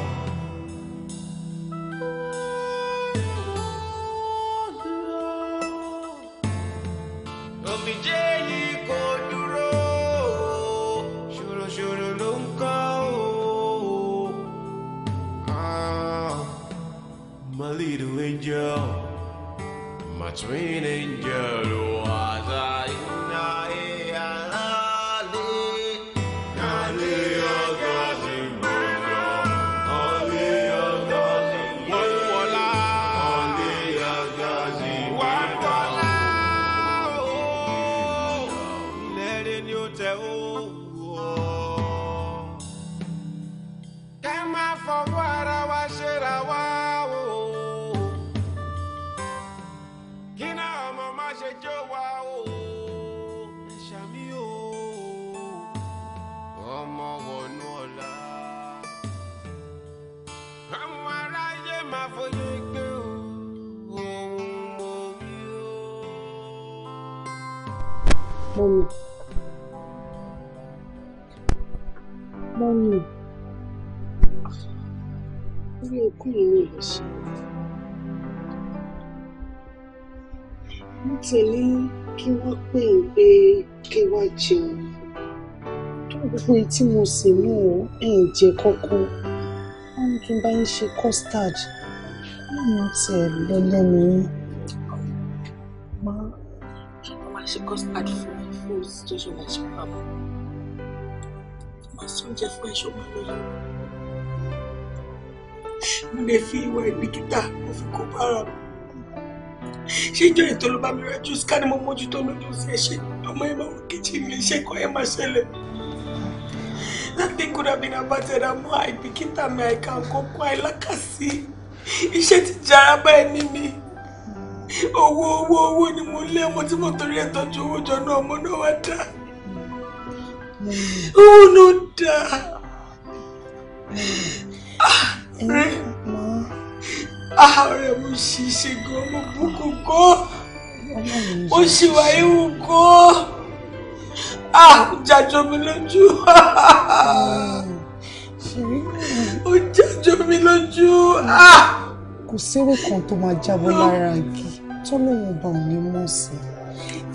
irú ikú yìí ni wọ́n ti ní kí wọ́n pè ń pé kí wọ́n jẹun gbogbo èyí tí mo sì mú o ẹ̀ jẹ kọ́kọ́ wọ́n ní kí n bá yín ṣe custard lẹ́yìn tí ẹ lọ lẹ́nu yín. má má ṣe custard fún mi fún situation like ṣe pamọ́ má sọ oúnjẹ fún ẹ̀ṣọ́ máa lóyún mo lè fi ìwà ìbìkítà mo fi kó bára mi ṣé ìjọ ètò ló bá mi rẹ jù ká ní mo mójútó lójú sí ẹṣẹ ọmọ ẹ máa wọ kejì mi iṣẹ kan ẹ máa ṣẹlẹ̀ láti kúrò mi náà bá tẹ̀ra mọ́ àìbìkítà mi àìka àkọ́kọ́ àìlákàsí iṣẹ́ ti jara báyìí ní mi owó owó owó ni mo lé ọmọ tí mo torí ẹ̀ tọ́jú owó jọ náà ọmọ náà wá dá owó náà dá ẹ eh? ààrẹ ah, mo ṣì ṣe gan mo búkú kó mo ṣì wà ewu kó à jàjọ mi lójú ó jàjọ mi lójú. Hmm. Ah. kò séwé kan tó máa jábọ́ ah. lára igi tọ́lọ́wọ́ bá òun ní mọ̀ sí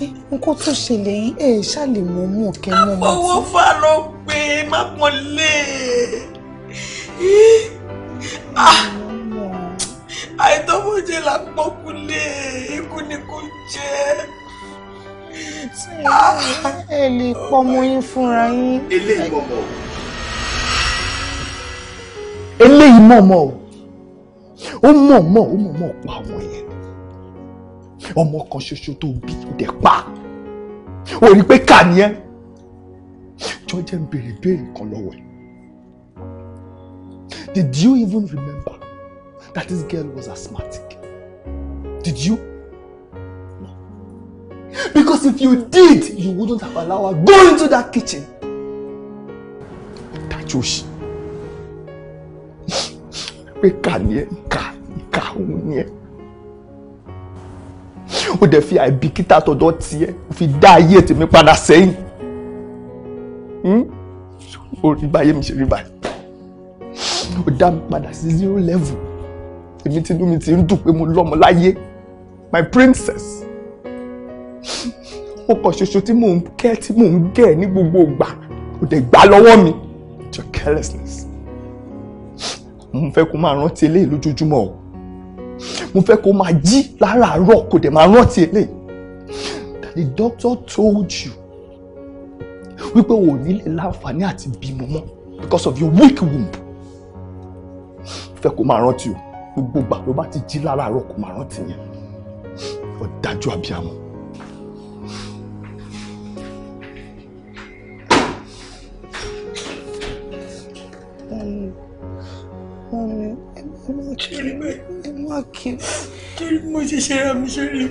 i eh, nǹkan tó ṣẹlẹ̀ yìí ẹ̀ ṣàlè mọ́ mú ọ̀kẹ́ mọ́ mọ́ sí. àfọwọ́fà ló pé má pọ́n lé e. Ah! àìtọ́mọ̀jẹ́ là ń pọ́kúlé ikú ni kò jẹ́. ẹ lè pọmọ yín fúnra yín. eléyìí mọ̀mọ́ o. eléyìí mọ̀mọ́ o ó mọ̀mọ́ ó mọ̀mọ́ pa àwọn yẹn ọmọ kan ṣoṣo tó bí ó pa ó rí i pé kà ni ẹ́ jọ́jẹ́ ń béèrè béèrè kan lọ́wọ́ ẹ̀. Did you even remember that this girl was asthmatic? Did you? No. Because if you did, you wouldn't have allowed her go into that kitchen. Tajoshi. Ìkà ni ẹ́, e, ìkà, ìkà òun ni ẹ́. Ó dẹ̀ fi àìbìkítà tọ̀dọ̀ tiẹ̀, ó fi dá ayé tèmi padà sẹ́yìn. Ó hmm? rí báyé mi ṣe rí báyìí ó dá mi padà sí zero level èmi tinú mi ti ń dùn pé mo lọ́mọ láyé my princess ọkọ̀ ṣoṣo tí mò ń kẹ́ tí mò ń gẹ̀ ní gbogbo ìgbà ó dẹ̀ gbà lọ́wọ́ mi it's your carelessness mo fẹ́ kó máa rántí eléyìí lójoojúmọ́ o mo fẹ́ kó máa jí láràárọ̀ kó dẹ̀ máa rántí eléyìí that the doctor told you wípé o ò ní lè láǹfààní àti bímọ mọ́ because of your weak womb fẹ́ kó máa rántí o gbogbo gbà ló bá ti jí láràárọ̀ kó máa rántí yẹn ọ̀dájú abiyamọ. torí mo ṣe ṣe ra mi sórí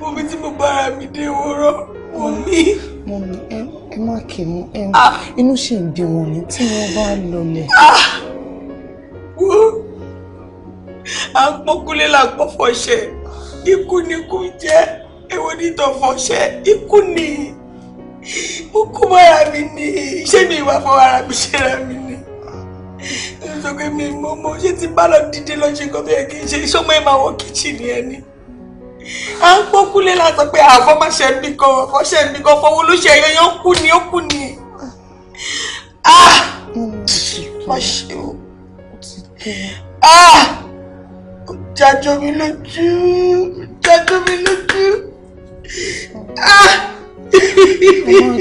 mo fi tí mo bára mi dé wọ́rọ́ mo mí. mo mi ẹ má kí mú ẹ inú ṣì ń bí wọn ní tí wọn bá lọlẹ. Ah! à ń pọ́kúlé là ń pọ́ fọṣẹ ikú ni kú jẹ́ èwo ni tó fọṣẹ ikú ni mo kú mọ́ra mi ni ṣé mi ìwà fọwọ́ra mi ṣe ra mi ni nítorí mi mo mo ṣe ti bá lọ dìde lọ ṣe gómìnà kì í ṣe sọmọ ẹ máa wọ kíchìnì ẹ ni à ń pọ́kúlé là sọ pé àfọmọṣẹ mi kan àfọṣẹ mi kan fọwọ́ ló ṣe kú ni ó kú ni. Ah! Ó ti Ah! jájọ mi lójú jájọ mi lójú. Ah! jájọ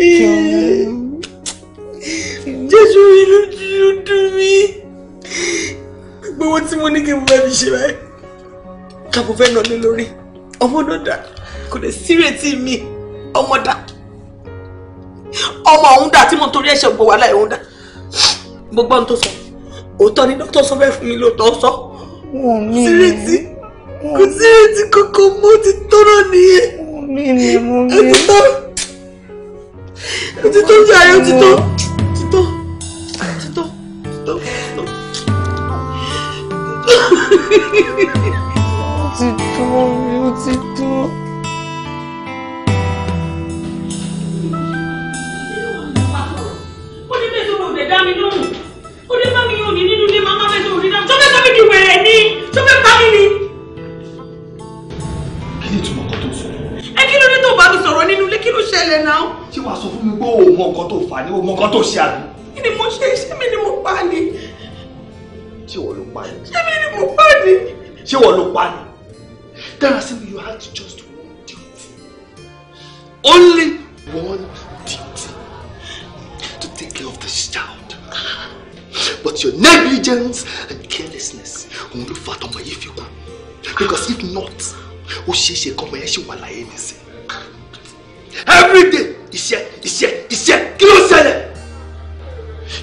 mi lójú ló dùn mí. gbogbo tí mo ní kí n bá mi ṣe báyìí kábò fẹ́ nà lé lórí ọmọ náà dà kò lè sírètí mi ọmọ dà ọmọ ọ̀hún dà tí mo torí ẹ̀ṣẹ̀ gbọ̀ wàhálà ẹ̀hún dà gbogbo ohun tó sọ òótọ́ ni dókítà sọ fẹ́ fún mi lóòótọ́ sọ tìrìtì kò tìrìtì kankan mọ́ ti tọ́rọ̀ nìyẹn òtítọ́ òtítọ́ jàre òtítọ́ òtítọ́ òtítọ́ òtítọ́ òtítọ́ òtítọ́. dá mi lóhùn ó dé bá mi mi nínú ilé màmá bẹ́ẹ̀ tó rí náà tó fẹ́ sọ mí di wẹ̀rẹ̀ ni tó fẹ́ pa mí ni. kí ni ìtumọ̀ kan tó sọ. ẹ kí ló dé tó bá mi sọ̀rọ̀ nínú ilé kí ló ṣẹlẹ̀ náà. ṣé wàá sọ fún mi pé òun mọ nǹkan tó fà ní òun mọ nǹkan tó ṣe àbí. kí ni mo ṣe ṣé mi ni mo pa ni. ṣé wọ́n ló pa ni. ṣé mi ni mo pa ni. ṣé wọ́n ló pa ni. Darasimi, you had just one duty. Only one duty. To take care of this child but your negligence and carelessness òun do fa tọmọ yìí fi because if not ó she ṣe kọmọ She ṣì wà láyé nìsín every day iṣẹ́ iṣẹ́ iṣẹ́ kí ló ṣẹlẹ̀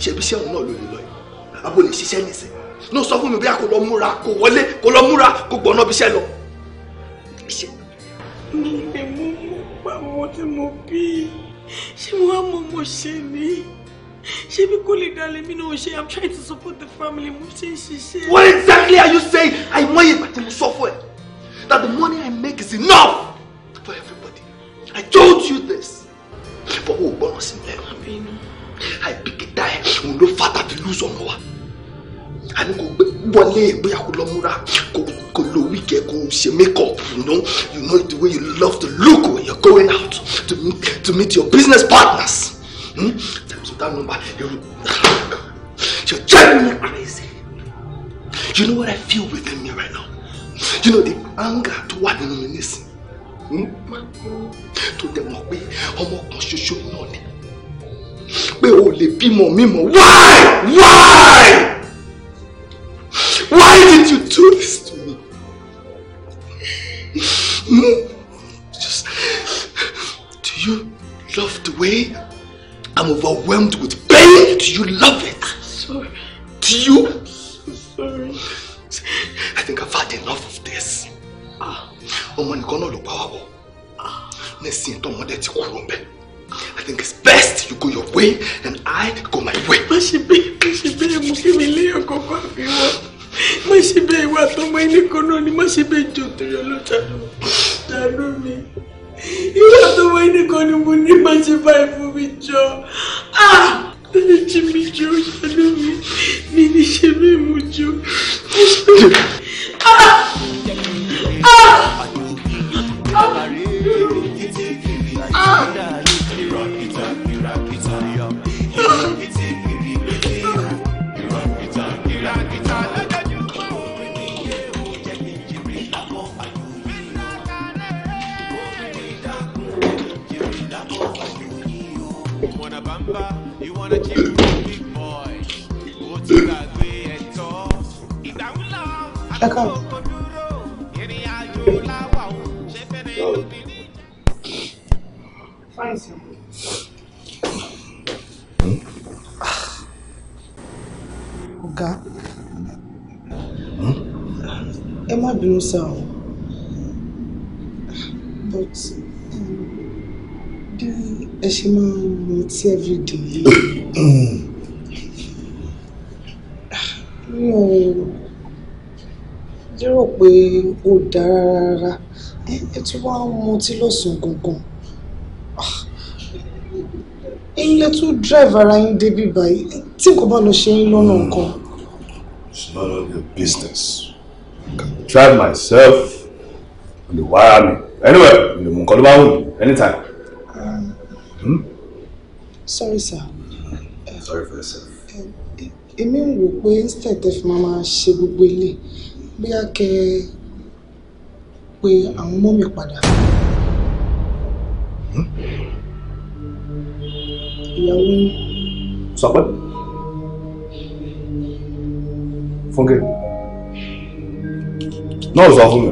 ṣebí iṣẹ́ òun náà ló lè lọ yìí abo lè ṣiṣẹ́ nìsín No, sọ fún mi bóyá kò lọ múra kò wọlé kò lọ múra kò gbọ̀nà bí iṣẹ́ lọ. mi ni mo mú pa àwọn tí mo bí ṣé wọn á mọ ọmọ ṣe ni ṣé bí kò lè dalẹ̀ mí náà i'm trying to support the family what exactly are you saying I want you to sọ fún that the money i make is enough for everybody i told you this but o gbọ́ràn sí mi I àìbìkítà ẹ̀ òun ló fà tàbí lùsọ̀ ọ̀nà wa àní kò gbé wọlé ìgbéyàwó lọ múra kò kò lo wíkẹ kò ṣe makeup you know you know the way you love the look when you're going out to meet to meet your business partners hmm? that number. You, you're driving me crazy. You know what I feel within me right now? You know the anger toward me in this. To them, pé ọmọ kan ṣoṣo náà ni. Pé o lè bímọ mímọ. Why? Why? Why did you do this? I'm overwhelmed with pain. Do you love it? I'm sorry. Do you? I'm so sorry. I think I've had enough of this. Oh nìkan náà ló pa powerful. bọ̀. Nísìnyí tó ọmọdé ti kúrò I think it's best you go your way and I go my way. Má ṣe bẹ́ẹ̀ má ṣe bẹ́ẹ̀ mú kí mi léèyàn kan fà fi wọ́. Má ṣe bẹ́ẹ̀ ìwà àtọmọ ẹnìkan náà ni ìyá tó wọ ẹnìkan ni mo ní má ṣe báyìí fún mi jọ ah! tẹlẹ jí mi jọ ṣàánú mi mi ní ṣe Ah! mo jọ. Ah! ah! ah! ẹ káàbọ̀. ọ̀gá ẹ má bínú sáà but ẹ ṣe máa ń mu ọtí everyday mi ò lérò pé ó dára rárá ẹ tún wá ń mu ọtí lọ́sàn-án gangan ẹ̀yin lè tún drive ara yín débi báyìí tí kò bá lọ ṣe yín lọ́nà hmm. kan. It's none of your business. I can drive myself. The wá mi. Anyway, olè mú nǹkan ló bá wù mí anytime. Hmm? Sorry, sir. Hmm. Sorry for yourself. Eh, èmi ń wò pé instead ẹ fi máa máa ṣe gbogbo ilé bóyá kẹ pé àwọn ọmọ mi padà. Hmm? Ìyàwó yín. Sọ pé. Fúnkẹ́. Náà sọ fún mi.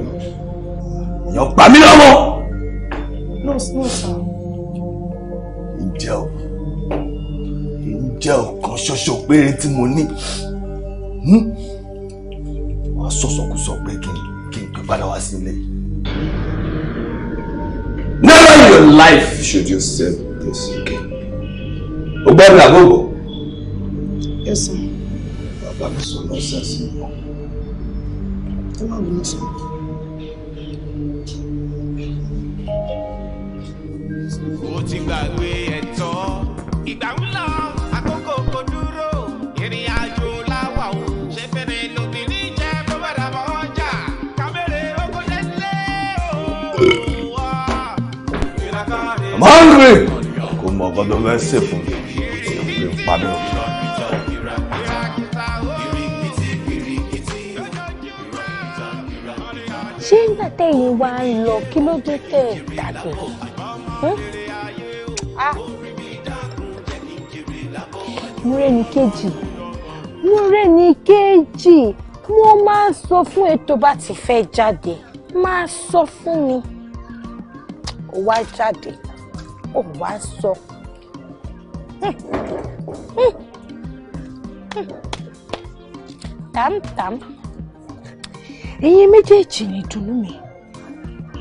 Èèyàn pa mí lọ́wọ́. No, no, sir. jẹ́ ọ̀kan ṣoṣo péré tí mo ní wàá sọ̀sọ̀kúsọ pé kí n kí n pè padà wá sí never in your life should you say this again. o gbọ́dọ̀ àbúrò. yes sir. bàbá mi sọ lọ́sẹ̀ sí i. ẹ má bínú sọ. mo ti gbàgbé. máa ń rè kò mọ ọkọ tó fẹ́ ṣe fún mi kò lè pa mí. ṣé nígbà tẹ̀yìn wa ń lọ kí ló dé tẹ̀ dàgbére? Ah. mo rẹ́ ní kejì mo rẹ́ ní kejì wọ́n máa ń sọ fún ètò bá ti fẹ́ jáde máa sọ fún mi ó wá jáde ò wá sọ. tàmtàm ẹ̀yin méjèèjì ni ìdùnnú mi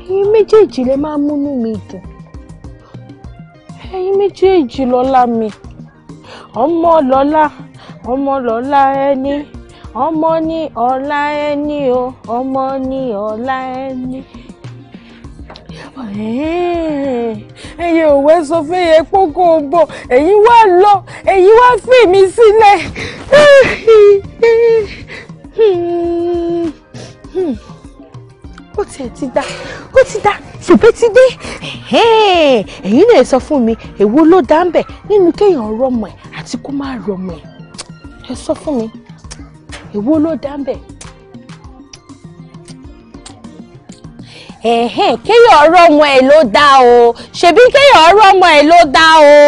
ẹ̀yin méjèèjì lè máa múnú mi dùn ẹ̀yin méjèèjì lọ́lá mi ọmọ lọ́lá ọmọ lọ́lá ẹni ọmọ ní ọlá ẹni o ọmọ ní ọlá ẹni ẹyẹ òwe sọ fún ẹyẹ kókó bò ẹ̀yin wá lọ ẹ̀yin wá fi mi sílẹ̀. ó tiẹ̀ ti dá ó ti dá ṣèpé ti dé ẹ̀yin náà sọ fún mi èwo ló dá ń bẹ̀ nínú kéèyàn rọmọ ẹ̀ àti kó má rọmọ ẹ̀ ẹ sọ fún mi èwo ló dá ń bẹ̀. ẹ̀hẹ́n kéèyàn ọ̀rọ̀ ọmọ ẹ̀ ló dá o ṣebí kéèyàn ọ̀rọ̀ ọmọ ẹ̀ ló dá o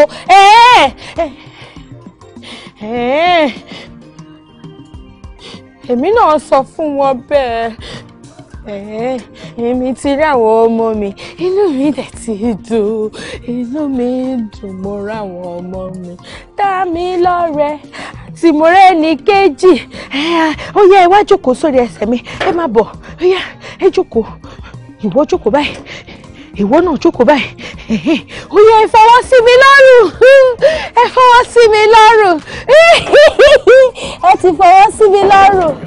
èmi náà sọ fún wọn bẹ́ẹ̀ èmi ti rí àwọn ọmọ mi inú mi dẹ̀ ti dùn inú mi dùn mo ra àwọn ọmọ mi dá mi lọ́rẹ́ àti mo rẹ́ ní kejì ó yá ẹ wá jókòó sórí ẹsẹ̀ mi ẹ má bọ̀ ó yá ẹ jókòó ìwọ jókòó báyìí ìwọ náà jókòó báyìí ó yẹ ẹ fọwọ́ sí mi lọ́rùn ẹ fọwọ́ sí mi lọ́rùn ẹ ti fọwọ́ sí mi lọ́rùn.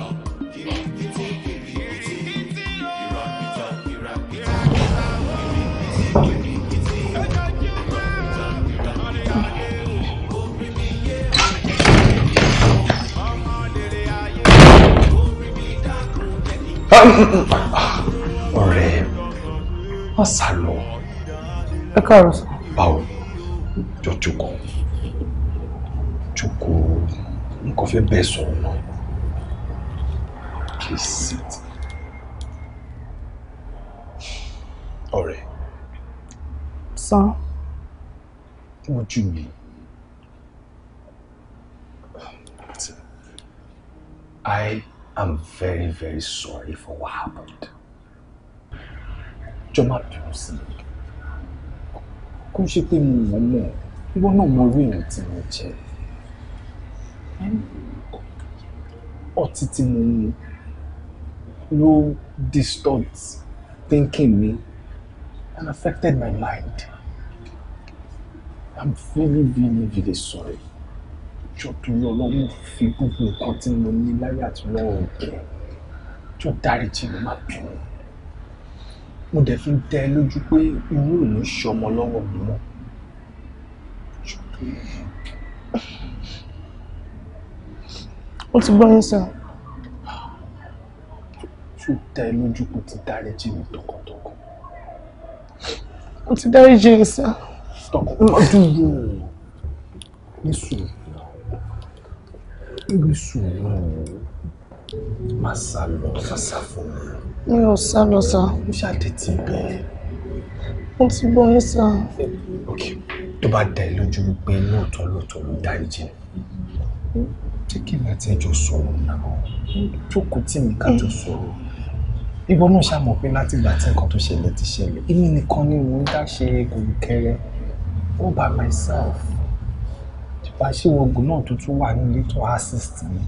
ọ̀rẹ́ wọ́n sá lọ. ẹ káàárọ̀ sọ. báwo jọ jókòó jókòó nǹkan fẹ́ bẹ́ẹ̀ sọ̀rọ̀ náà please sit. ọ̀rẹ́. sàn. ojú mi. I am very, very sorry for what happened jọ má bínú sí mi kó ṣe pé mo mọ̀ mọ̀ ìwọ náà mọ orí èèyàn tí distort thinking me and affected my mind i'm very very very sorry jọ torí ọlọ́run fi gbogbo nǹkan tí mo ní láyé àtúnlọ́wọ́ òkè jọ dáríjì mi má mo dẹ̀ fi ń tẹ ẹ lójú pé irú ìlú ṣọmọ lọ́wọ́ mi mọ́. ó ti gbọ́ yín sọ. tún tẹ ẹ lójú pé ti dáríjì mi tọkàntọkàn. ó ti dáríjì yín sọ. tọkàntọkàn dúró ní sùúrù ní sùúrù má sá lọ má sá fún mi. mi ò sá lọ sá. mo ṣàtẹ̀tì bẹ́ẹ̀. mo ti gbọ́ yín sá. ok tó bá dá ẹ lójú wípé lóòótọ́ lóòótọ́ ló dárí jì jẹ́ kí n àti ẹjọ́ sọ̀rọ̀ náà jókòó tì mí ká jọ sọ̀rọ̀ ìwọ náà ṣàmọ̀ pé láti ìgbà tí nǹkan tó ṣẹlẹ̀ ti ṣẹlẹ̀ èmi nìkan ni mò ń dá ṣe kòrìkẹrẹ all by myself ìbáṣe oògùn náà tó tún wà nílé tó assist mi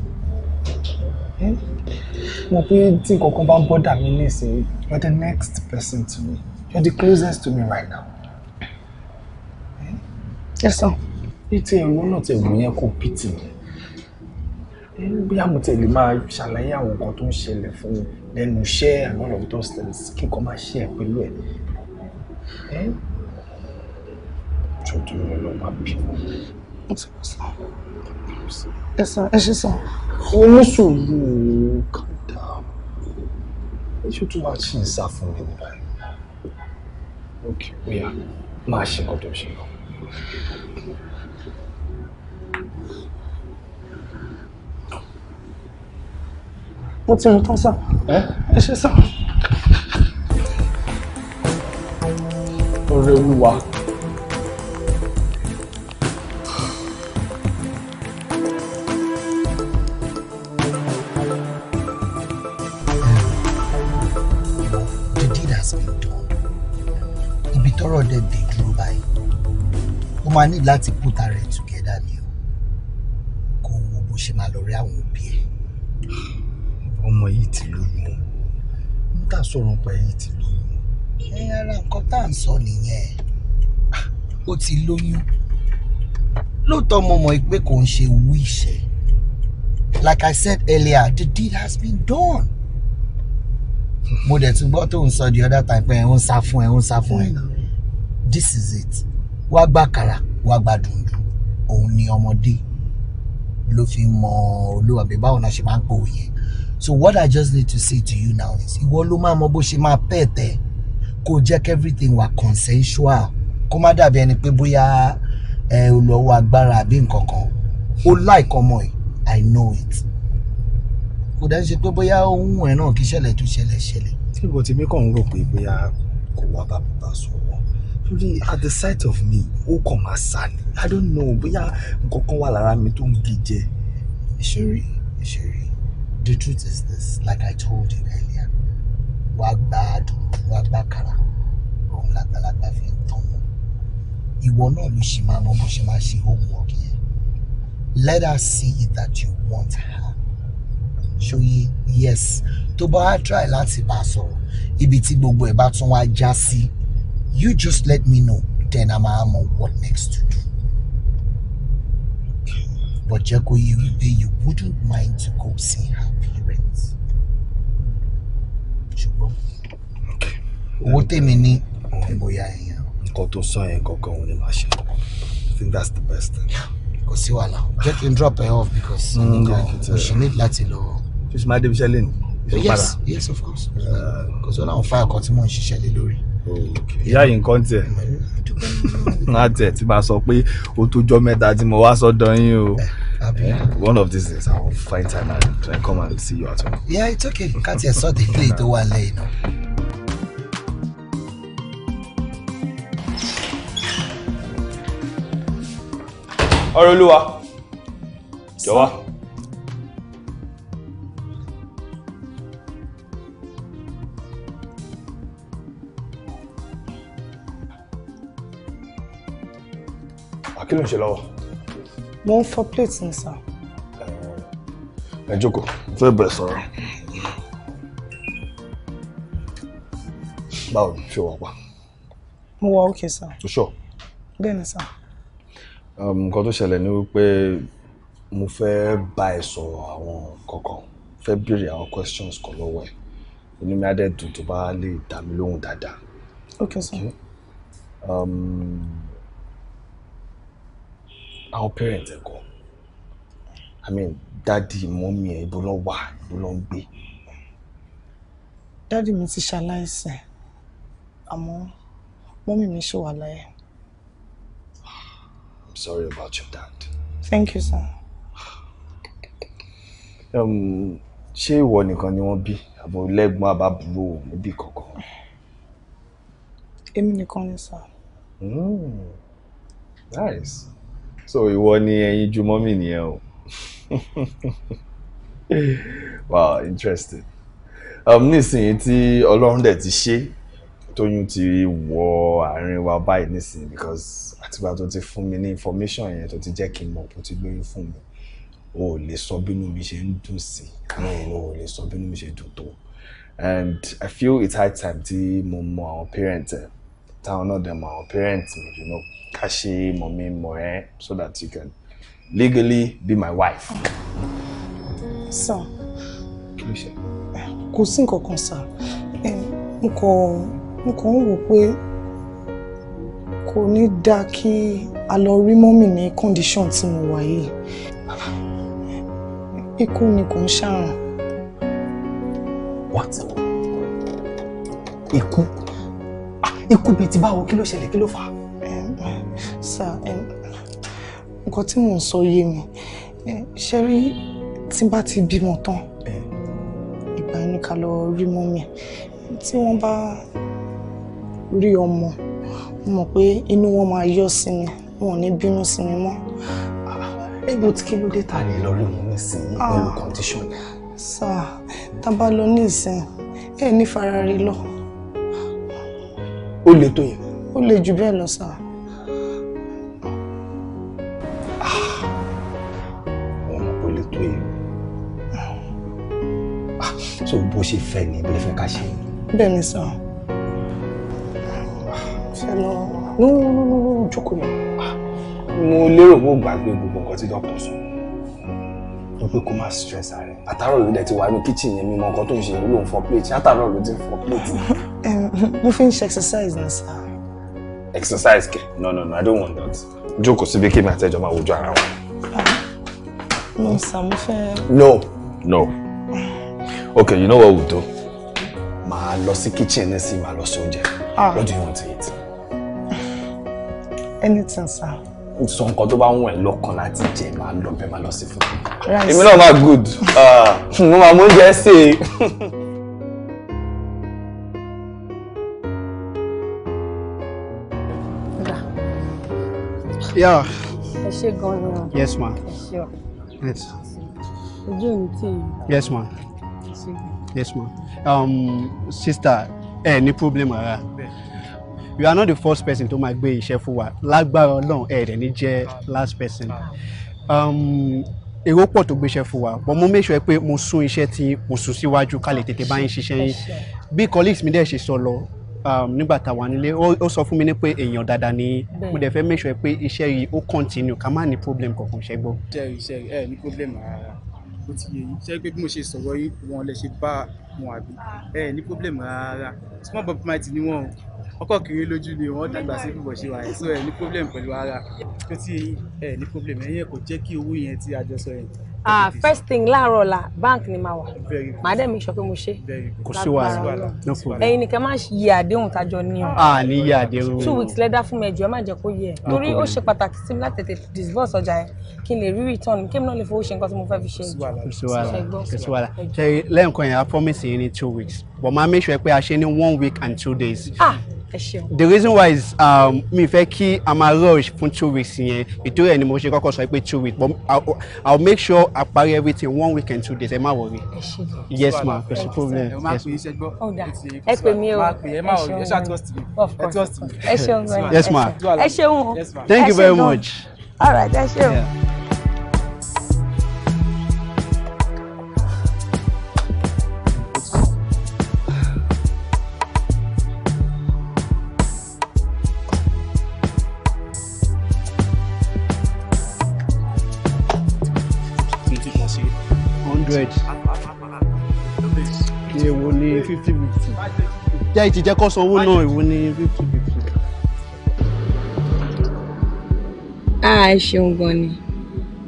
Eh? mo pé tí nǹkan kan bá ń bọ́dà mi nísìnyí you are the next person to me you are the closest to me right now. ẹ sàn. ètò ẹ̀rọ náà ti ẹ̀gbọ́n yẹn kò pìtì mi bí àmọ́ tí èlé máa ṣàlàyé àwọn nǹkan tó ń ṣẹlẹ̀ fún lẹ́nu iṣẹ́ and all of those things kí nǹkan máa ṣe ẹ̀ pẹ̀lú ẹ̀. Eh? ṣòtò ìrọ̀lọ́ máa bí ẹ sàn o ní sùúrù calm down iṣu tó máa ṣì ń sá fún mi ní báyìí ok oya máa ṣe nǹkan ṣe lọ. mo ti mú tán sàn ẹ ṣe sàn. ọ̀rẹ́ olúwa. máa ní láti put ara ẹ̀ together ni o kó wo bó ṣe máa lọ rí àwọn òbí ẹ̀ ọmọ yìí ti lóyún o ń tà sọ̀rọ̀ pa yìí ti lóyún o. ẹ ara nǹkan tá à ń sọ nìyẹn ó ti lóyún lóòótọ́ mo mọ̀ pé kò ń ṣe wish ẹ̀ like I said earlier the deed has been done mo dẹ̀ tún gbọ́ tó ń sọ the other time pé ẹ̀ ń sá fún ẹ̀ ń sá fún ẹ̀ this is it wá gbàkàrà wá gba dùndùn òun ni ọmọdé ló fi mọ olúwàbí báwo náà ṣe máa ń pò yẹn so what i just need to say to you now is ìwọ ló máa mọ bó ṣe máa pẹ̀ tẹ̀ kó jẹ́ kí everything wà consensual kó má dàbí ẹni pé bóyá ẹ ò lọ́wọ́ agbára àbí nǹkan kan ó láìkọ́ ọmọ ẹ̀ i know it kò dá ṣe pé bóyá ohun ẹ̀ náà kí ṣẹlẹ̀ tó ṣẹlẹ̀ ṣẹlẹ̀. tí ìbò tèmi kàn ń rò pé bóyá kò wá bá bàbá sọ̀rọ̀ torí at the sight of me ó kàn máa sá ni i don't know bóyá nǹkan kan wà lára mi tó ń gé jẹ. ìṣòrí the truth is this like i told you earlier wàá gba àdùnnú wàá gba kara, òun làgbàlagbà fi ń tàn wọn ìwọ náà ló ṣì máa mọ bó ṣe máa ṣe homework yẹn let her see that you want her ṣòye yes tó bá wá try láti bá a sọ̀rọ̀ ibi tí gbogbo ẹ̀ bá tún wá já sí. You just let me know, then I'm on what next to do. But Jago, you, you wouldn't mind to go see her parents. Ṣùgbọ́n. Okay. Owó tèmi ní ìbòyá èèyàn. Nǹkan tó sọ yẹn kankan òun ni màá ṣe. I think that's the best thing. Kò you wàhálà. Jẹ́ kí n drop her off because nǹkan mm, she need láti lọ. Ṣé o ṣe máa débi Yes, yes of course. Uh, Kò sọ́nà àwọn fáyà fire. tí mò ń ṣiṣẹ́ lé lórí ìyá yìí nǹkan tiẹ̀ láti ẹ̀ tí màá sọ pé ó tó jọ́ mẹ́ta tí mo wá sọ́dọ̀ yín o. Eh, one of these days I will find time and try come and see you at home. yeah it's okay kati ẹ sọ de ilé tó wà lẹ́yìn náà. ọ̀rọ̀ olúwa jọ̀wọ́. kí ló ń ṣe lọ́wọ́. mo ń fọ plate ni sir. ẹ jókòó fẹ́ bẹ̀rẹ̀ sọ̀rọ̀. báwo ni ṣé wọ́n pa. mo wọ òkè sir. o ṣọ. bẹ́ẹ̀ ni sir. Um, nǹkan tó ṣẹlẹ̀ ni wípé mo fẹ́ bá ẹ sọ̀rọ̀ àwọn kọ̀ọ̀kan fẹ́ béèrè àwọn questions kan lọ́wọ́ ẹ̀ inú mi tó bá lè dá mi lóhùn dáadáa. ok sir. Okay. Um, Our parents ẹ̀ kọ́ i mean dádì mọ́mí ẹ̀ ibo ló wà ibo ló ń gbé. dádì mi ti ṣaláìsí àmọ́ mọ́mí mi ṣì wà láyé. i'm sorry about your dad. thank you sir. Um, ṣé ìwọ nìkan ni wọ́n bí àbò lẹ́gbọ́n àbábúrò níbí kankan. èmi nìkan ni sir. Mm, nice so ìwọ ni ẹyin ju mọ́mì nìyẹn o wow interesting um, nísìnyí tí ọlọ́run dẹ̀ ti ṣe tóyún ti wọ àárín wa báyìí nísìnyí because àtìgbà tó ti fún mi ní information yẹn tó ti jẹ́ kí n mọ̀ kó ti lóyún fún mi o ò lè sọ bínú mi ṣe ń dùn sí o ò lè sọ bínú mi ṣe dùn tó and I feel it's high time tí mo mọ àwọn parents ẹ táwọn náà dẹ̀ mọ àwọn parents mi you know. Kashi mommy, Moe so that you can legally be my wife. Sir. Kí ló ṣe? Kò sí nǹkan kan sir. Mo kàn mo kàn ń wò pé kò ní dáa kí a lọ rí mọ́mì ní condition tí mo wà yìí. Ikú ni kò ń ṣàrùn. What? Ikú? Ah, ikú bíi ti báwo kí ló ṣẹlẹ̀ kí ló fà á? sà nǹkan tí mò ń sọ yé mi ṣe rí tí bá ti bímọ tán ìgbà yẹn ká lọ rí mọ́mì tí wọ́n bá rí ọmọ mo mọ̀ pé inú wọn máa yọ̀ sí mi wọn ò ní bínú sí mi mọ́. Ah, ẹgbẹ́ tí kí ló dé ta lè lọ rí wọn nísìnyí ah. pẹ̀lú condition. sà tá a bá lọ ní ìsìn ẹ ní faraare lọ. ó le tó yẹn. ó le jù bẹ́ẹ̀ lọ sáà. Ah, so bó ṣe fẹ́ ni bó fẹ́ ká ṣe. bẹ́ẹ̀ ni sọ ṣe lọ no no no no jókòó náà ah. mo lérò mo gbàgbé gbogbo nǹkan tí dọ́kítọ̀ sọ ló pé kó má stress ààrẹ àtàrọ̀ ló dẹ̀ ti wà ní kíchìn yẹn mímọ nǹkan tó ń ṣe ló ń fọ plate àtàrọ̀ ló ti ń fọ plate. mo fi ń ṣe exercise náà sá. exercise kẹ no no no i don't want that jókòó síbi kí mi àtẹjọ máa wojú ara wa. Ah. no sá mo fẹ́. no no. Okay, you know what we'll do? Màá lọ sí kitchen and see màá lọ sí oúnjẹ. Ah. What do you want to eat? Anything, sir. Sọ nǹkan tó bá ń wọ̀n lọ́kàn láti jẹ màá lọ bẹ́ẹ̀ màá lọ sí fún mi. Èmi náà máa good. Ah, mo máa mú oúnjẹ ṣe é. Yeah. Ẹ ṣé gan-an. Yes, ma. Ẹ ṣé o. Yes. Ojú mi tì Yes, ma yes ma um, sister ẹ eh, ní problem ara you are not the first person to máa gbé iṣẹ́ fún wa lágbára ọlọ́run ẹ dẹ̀ ní jẹ́ last person um, èrò pọ̀ tó gbéṣẹ́ fún wa but mo make sure pé mo sún iṣẹ́ tí mo sún síwájú ká lè tètè bá yín ṣiṣẹ́ yín bí colleagues mi dẹ̀ ṣe sọ lọ um, nígbà tá a wà nílé ó sọ fún mi ní pé èèyàn dáadáa ni mo dẹ̀ fẹ́ make sure pé iṣẹ́ yìí ó continue ká má ní problem kankan ṣẹ́gbọ́. ṣe iṣẹ́ ẹ ní problem rárá ó ti yé yín ṣe pé bí mo ṣe sọ̀rọ̀ yín wọn lè ṣe bá wọn àbí ẹ ní pọ́blẹ́mù rárá small bob might ni wọn o ọkọ̀ kiri lójú ni wọ́n dàgbà sí bíbọ̀ ṣe wà yẹn so ẹ ní pọ́blẹ́mù pẹ̀lú ara ó ti yé yín ẹ ní pọ́blẹ́mù ẹ̀yìn ẹ̀ kò jẹ́ kí owó yẹn tí a yẹn ah first thing láàárọ̀ ọ̀la bank ni màá wà màá dẹ̀ mi sọ pé mo ṣe. kò sí wàhálà ẹ̀yin nìkan máa yẹ àdéhùn tájọ ní o. a ní yẹ àdéhùn. two weeks lẹ́dá fún mi ẹ̀jọ̀ ẹ má jẹ́ kó yẹ torí ó ṣe pàtàkì sí mi láti tètè divorce ọjà yẹn kí n lè rí return kí n náà lè fowó ṣe nǹkan tí mo fẹ́ fi ṣe. kò sí wàhálà kò sí wàhálà ṣe lẹ́yìn yẹn a promise yín ní two weeks but máa make sure pé a ṣe ní one week and two days. ah the reason why is um, mi fẹ́ kí a máa rush fún two weeks yẹn ìtorí ẹ̀ ni mo ṣe kọ́kọ́ sọ pé two weeks but I'll, I'll make sure I parí everything one week and two days ẹ má worry. yes ma kò sí problem. ẹ má pè ẹ pè mí o ẹ má ẹ ṣá ẹ ṣeun ẹ ṣeun thank you very much. all right ẹ ṣeun. Yeah. fifty jẹ́ ìtì jẹ́ kó sanwó náà ìwo ni fifty fifty. a ṣeun gan ni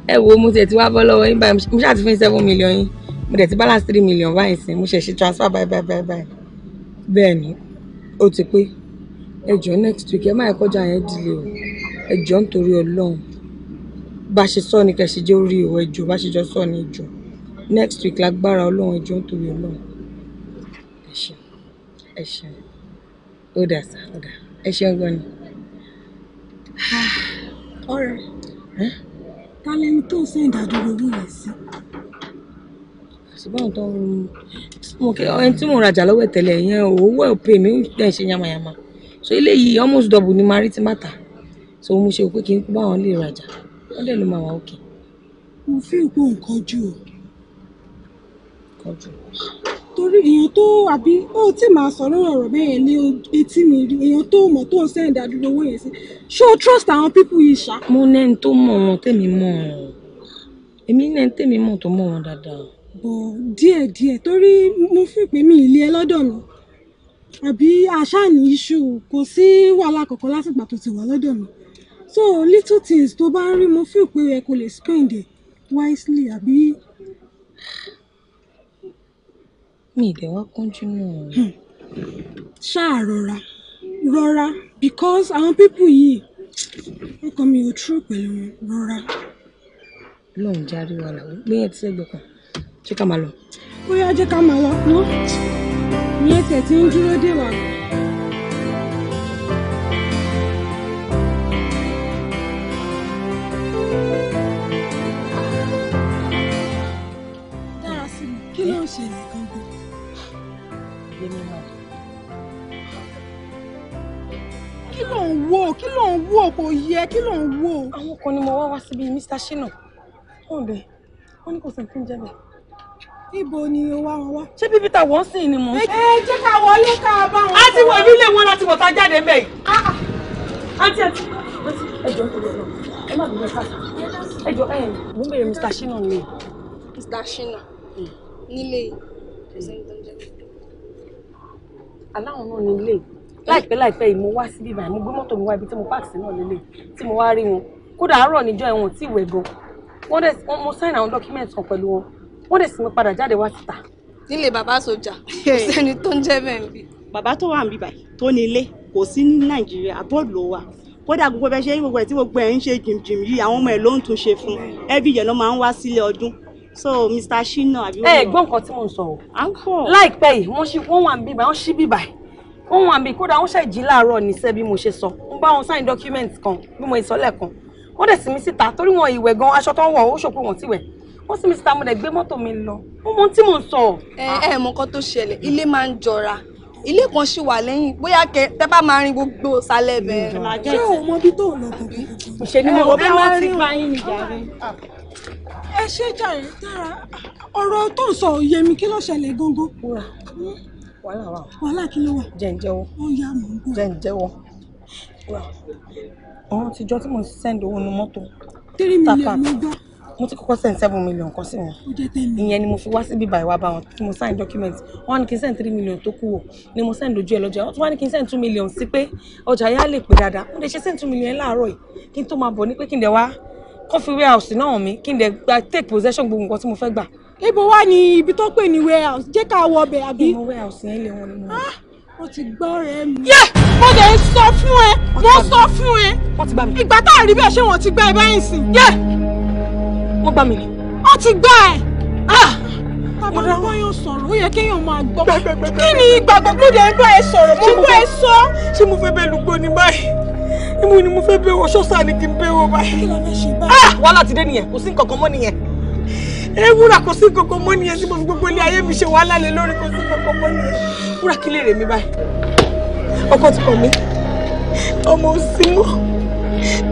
ẹ wo mo tiẹ̀ ti wá bọ́ lọ́wọ́ yín báyìí mo ṣáà ti fún yín seven million yín mo dẹ̀ ti balance three million báyìí sí mo ṣẹ̀ ṣe transfer báyìí báyìí báyìí báyìí bẹ́ẹ̀ ni ó ti pé ẹ jọ̀ọ́ next week ẹ má yẹ kọjá yẹn dìlé o ẹ jọ̀ọ́ nítorí Ọlọ́run bá ṣe sọ ni kẹsì jẹ orí o ẹjọ bá ṣe jọ sọ ni ẹjọ next week lágbára Ọlọ́run ẹjọ nítorí Ọlọ́run ṣeun ẹ ṣeun ó dà sá ó dà ẹ ṣeun gan ni ah, ọ̀rẹ́ ta lẹni tó sẹ́ńdà dúró orí rẹ̀ sí. àṣìbáwọn tó ń mo kẹ ẹni tí mo rajà lọ́wọ́ tẹ́lẹ̀ yẹn owó ẹ̀ pè mí ń ṣe yamayama so eléyìí almost double ni màá rí ti má ta so mo ṣe pé kí n bá wọn lè rajà wọn dẹ̀ ló máa wà òkè. mo fi ìpò nǹkan jù ọ́. nǹkan jù ọ́ torí èèyàn tó àbí ó tí màá sọ̀rọ̀ ọ̀rọ̀ bẹ́ẹ̀ yẹn lé etí mi rí èèyàn tó mọ̀ tó ń sẹ́yìn dádúró owó yẹn sí ṣé o trust àwọn people yìí ṣá. mo nẹ́ni tó mọ̀ wọn tèmi mọ̀ wọn èmi nẹ́ni tèmi mọ̀ tó mọ̀ wọn dáadáa. bọ̀ díẹ̀ díẹ̀ torí mo fi pè mí ilé ẹ lọ́dọ̀ mi àbí àṣàní iṣu kò sí wàhálà kọ̀ọ̀kan lásìgbà tó ti wà lọ́dọ̀ mi so little things tó bá ń rí mo fi pé ẹ kò lè spend it wisely àbí mi ìdẹ̀ wá kánjú náà. Hmm. ṣáà rọra rọra because àwọn pípù yìí ọkọ mi ò tró pẹ̀lú wọn rọra. lóun járe wa làwọn gbé ẹ ti ṣẹgbẹ kan ṣé ká máa lọ. bóyá jẹ́ ká máa lọ ná ìyẹn tẹ̀ tí ń dúró dè wá. dára sí mi kí ló ń ṣe nìkan. ló ń wò kí ló ń wò kò yẹ kí ló ń wò. àwọn kan ni mo wá wá síbi Mr. Shina wọn bẹ wọn ní kò sí nǹkan jẹbẹ. ibo ni o wá wọn wá. ṣé bíbí ta wọ́n sìn ni mò ń. ẹ jẹ́ ká wọlé ká bá wọn. a ti wọ ìlú ilé wọn láti wọ̀ tá a jáde mẹ́ẹ̀. Ah, ah. àǹtí àǹtí ẹjọ́ ẹ má bẹ̀rẹ̀ ká ẹjọ́ ẹ mò ń Mr. Shina ni. Mr. Shina hmm. nílé kò sí nǹkan jẹbẹ. aláwọn náà nílé láìpẹ́ láìpẹ́ yìí mo wá síbí báyìí mo gbé mọ́tò mi wá ibi tí mo park sí náà lélẹ̀ tí mo wá rí wọn kódà àárọ̀ níjọ́ ẹ̀wọ̀n tí ìwẹ̀ gan wọ́n dẹ̀ mo sign àwọn document kan pẹ̀lú wọn wọ́n dẹ̀ sì mi padà jáde wá síta. nílé bàbá sójà kò sẹ́ni tó ń jẹ́ bẹ́ẹ̀ bí. bàbá tó wà níbí báyìí tó ní ilé kò sí ní nàìjíríà abroad ló wà kódà gbogbo bẹ ṣe ń gbogbo ẹ tí gbogbo ẹ ń ṣe jìmjìm yìí àwọn ọmọ ẹ ló ń tún ṣe fún ẹbí yẹn ló máa ń wá sílé ọdún so mr shina àbí. ẹ gbọ́ nǹkan tí mò ń sọ o láìpẹ́ yìí wọ́n wà ń bíbà wọ́n ṣí bíbà yìí ohun àmì kódà wọ́n ṣe jí láàárọ̀ níṣẹ́ bí mo ṣe sọ ń bá wọn sign document kan bí mo sọ lẹ́ẹ̀kan wọ́n dẹ̀ sí mi síta torí wọn ìwẹ̀ gan aṣọ tó ń wọ̀ ó ṣòpin wọn ti wẹ̀ wọ́n sì mi síta mo dẹ̀ gbé mọ́tò mi lọ ó mọ tí mò ń sọ. ẹ ẹ mọ nǹkan tó ṣẹlẹ̀ ilé máa ń jọra ilé kan ṣì wà lẹ́yìn bóyá kẹ tẹ bá máa rin gbogbo sálẹ̀ bẹ́ẹ̀. ṣé o mọ bí tó lọ tàbí. ṣe ni mo bẹ́ wọ́n ti gba yín nìjà rẹ. ẹ ṣe jàre dára ọ̀rọ̀ tó ń sọ òye mi kí ló ṣẹlẹ̀ gangan wàhálà wà. wàhálà kí ló wà. jẹ́ ń jẹ́wọ́. wọ́n yá mọ̀ ń bọ̀. jẹ́ ń jẹ́wọ́. ọ̀hún ti jọ tí mo send owó nu mọ́tò. three million ló gbọ́. mo ti kọ́kọ́ send seven million kan sí wọn. ó jẹ́ ten million. ìyẹn ni mo fi wá síbí báyìí wá bá wọn tí mo sign document wọ́n ní kí n send three million tó kù wò ni mo send ojú ẹ lọ́jà wọ́n tún wá ní kí n send two million sí pé ọjà yá lè pè dáadáa mo lè ṣe send two million láàárọ̀ yìí kí n tó máa bọ̀ ní pé kí n dẹ̀ wá kọ́fí warehouse náà mi kí n dẹ̀ gba take possession gbogbo nǹkan tí mo fẹ́ gbà ibo wà ní ibi tó pè ní warehouse jẹ́ ká wọ ọbẹ̀ àbí. ìmọ̀ warehouse yẹn lè wọn ni ah, mo rà wọ́n ti gbọ́ rẹ̀ mi. yẹ mo lè sọ fún ẹ mo sọ fún ẹ ìgbà tá a rí bẹ́ẹ̀ ṣé wọ́n ti gbá ẹ báyìí sìn. yẹ wọ́n gbá mi ni. wọ́n ti gbá ẹ. Ah! bàbá mi bá yàn sọ̀rọ̀ ó yẹ kéèyàn máa gbọ́. kí ni ìgbàgbọ́ pé òde ẹgbẹ́ ẹ sọ̀rọ̀ mo gbọ́ ẹ sọ. ṣé mo fẹ́ bẹ́ẹ̀ lùgbọ́ ni báyìí ìmú ni mo fẹ́ bẹ́ẹ̀ wọ ṣọ́ọ̀ṣà ni kí n bẹ́ẹ̀ wọ báyìí. kí ló ń ṣe báyìí. Ah! wàhálà ti dé nìyẹn kò sí nǹkan kan mọ́ nìyẹn ewúrà kò sí gbogbo mọ́ nìyẹn tí mo fi gbogbo ilé ayé mi ṣe wàhálà lé lórí kò sí gbogbo mọ́ nìyẹn wúrà kí lè rè mí báyìí ọkọ ti kọ̀ mí ọmọ òsì mọ́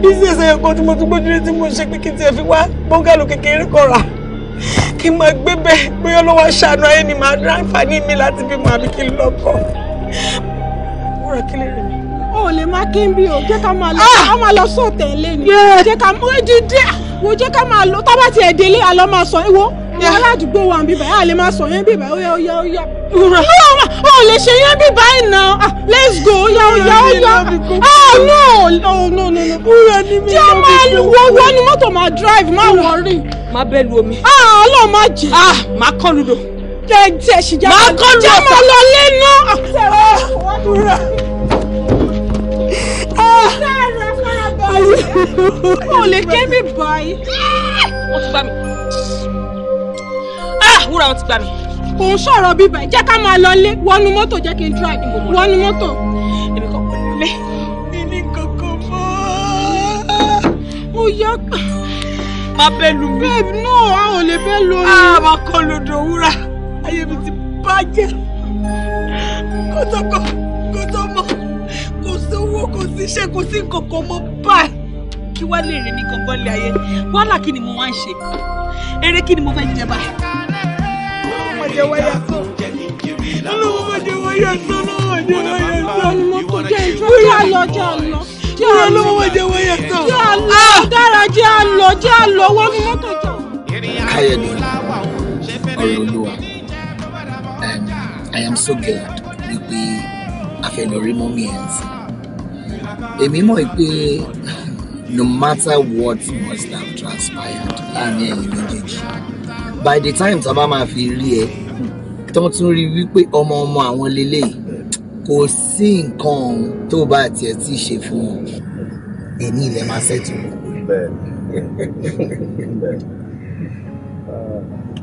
bísíẹ̀sì ẹ̀kọ́ tí mo tún gbójú lé tí mo ṣe pé kí n tiẹ̀ fi wá bọ́ngàlù kékeré kan rà kí n máa gbé bẹ́ẹ̀ bóyá ọlọ́wọ́ aṣàánú ayé ni màá dá àǹfààní mi láti fi mọ àbí kí n lọ́kọ. wúrà kí lè rè mí. o ò lè má kí n bí o jẹ́ ká máa lọ ah! sóòtẹ̀ ilé ni jẹ́ ká mú ojú díẹ̀ wo jẹ́ ká máa lọ tábà tiẹ̀ délé àlọ́ máa sọ ewo ìwọ aládùúgbò wa bíbá yà á lè máa sọ yẹn bíbá ó yá ó yá ó yá. ìrora ó lè ṣe yẹn bíbá iná ah, let's go ó yá ó yá ó yá ah oh, no no no no. wúrẹ́ ni mi lọ́bi kú. jẹ́ máa wọ wọ́n ni mọ́tò máa drive máa wọrí. má bẹ́ẹ̀ lu omi. ah ọlọ́run má jẹ́. ah má kọ́ lu dò. jẹ́ jẹ́ ṣì jẹ́ kọ́ lu ọ̀sán. jẹ́ lọ lé náà. Ah, sẹ́rẹ̀ ah báyìí. o lè ké mi báyìí. wọ́n ti gbá mi. Ah, wúrà wọn ti gbá mi. òun sọ̀rọ̀ bíbá jẹ́ ká máa lọ lé wọnú mọ́tò jẹ́ kí n drive wọnú mọ́tò. èmi kò pẹ̀lú lé. mi ní kòkó mọ́. mo yá. má bẹ́ẹ̀ lu mi. babe no a ò lè bẹ́ẹ̀ lu mi. a ah, máa kọ́ lodò wúrà ayé mi ti bàjẹ́ kótókó kótómọ́ sówó kò sí iṣẹ́ kò sí kankan mọ́ báyìí kí wá lè rìn ní kankan lé ayé wàhálà kí ni mo wá ń ṣe eré kí ni mo fẹ́ jẹ báyìí. ọmọdé wáyà sọ ọlọ́mọdé wáyà sọ ọlọ́mọdé wáyà sọ ọlọ́mọdé jẹ́ àlọ́jẹ́ àlọ́ jẹ́ àlọ́ ọlọ́mọdé wáyà sọ jẹ́ àlọ́ dára jẹ́ àlọ́ jẹ́ àlọ́ wọ́n mú mọ́tò jọ. káyọ̀dé ọ̀rọ̀lùwà um, I am so glad wípé a fẹ́ lọ rí ẹ̀ ń sìn èmi mọ̀ pé no matter what must have transpired láàrin ẹ̀yin méjèèjì by the time tá a bá máa fi rí ẹ tó tún rí wípé ọmọ ọmọ àwọn lélẹ̀ kò sí nǹkan tó bá tiẹ̀ ti ṣe fún wọn èmi ilẹ̀ máa ṣètò.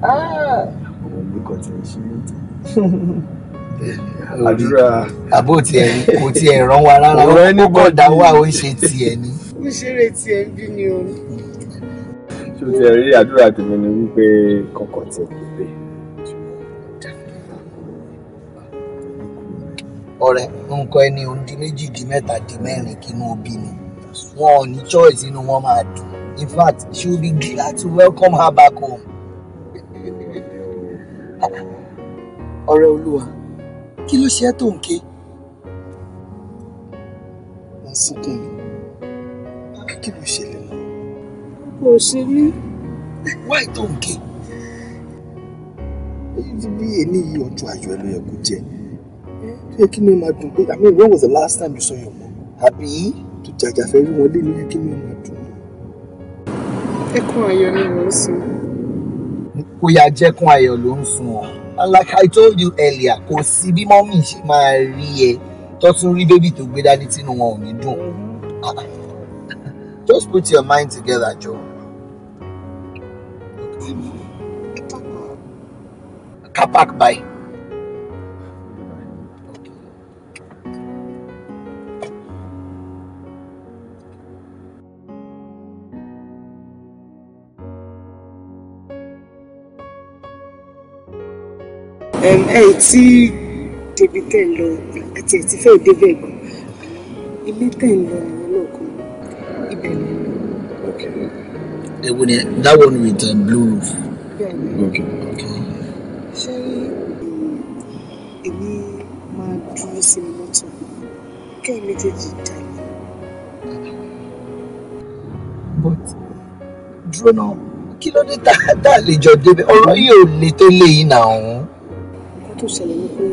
Ah! Well, you àdúrà àbó tiẹ̀ kò tiẹ̀ ràn wá rárá ọ̀rọ̀ ẹni bọ́dà wà ó ṣe tiẹ̀ ni. mo ṣeré tiẹ̀ ń bí ni o. ṣé o ti rí àdúrà tèmi ni wípé kọ̀ọ̀kan tiẹ̀ kò dé. ọ̀rẹ́ nǹkan ẹni òun di méjì di mẹ́ta di mẹ́rin kínú obì ni wọn ò ní choice inú wọn máa dùn in fact she will be glad to welcome her back home. ọ̀rẹ́ olúwa kí ló ṣe é tó ń ké wọ́n sunkún mi kí ló ṣẹlẹ̀ náà. kò ṣe mí. wáì tó ń ké bí èmi yìí ọjọ́ ayọ̀ ẹ ló yẹ kó jẹ́ tó kí ni máa dùn pé I mean when was the last time you saw your mom àbí tó jàjà fẹ́ rí wọn lé ní kí ni ó máa dùn. ẹkún ayọ̀ ni mò ń sun. kó yá jẹ́kún ayọ̀ ló ń sun ọ́ and like I told you earlier kò sí bí mọ́mì ṣe máa rí ẹ tó tún rí bébì tó gbé dání tínú wọn ò ní dùn just put your mind together Joe. park bye. ẹ tí débi tẹ̀ ń lọ àti ẹ̀ tí fẹ́ débẹ̀ gan ilé tẹ̀ ń lọ àwọn ọlọ́ọ̀kan ibẹ̀ ni. ewu ni that one with the uh, blue roof. okay. okay. ṣé èmi máa dúró sí mọ́tò kẹ́ ẹ̀ méjèèjì dá mi. but dúró náà kí ló dé tá a lè jọ débẹ̀ ọ̀rọ̀ yìí ò le tó léyìn náà tó ṣẹlẹ̀ ni pé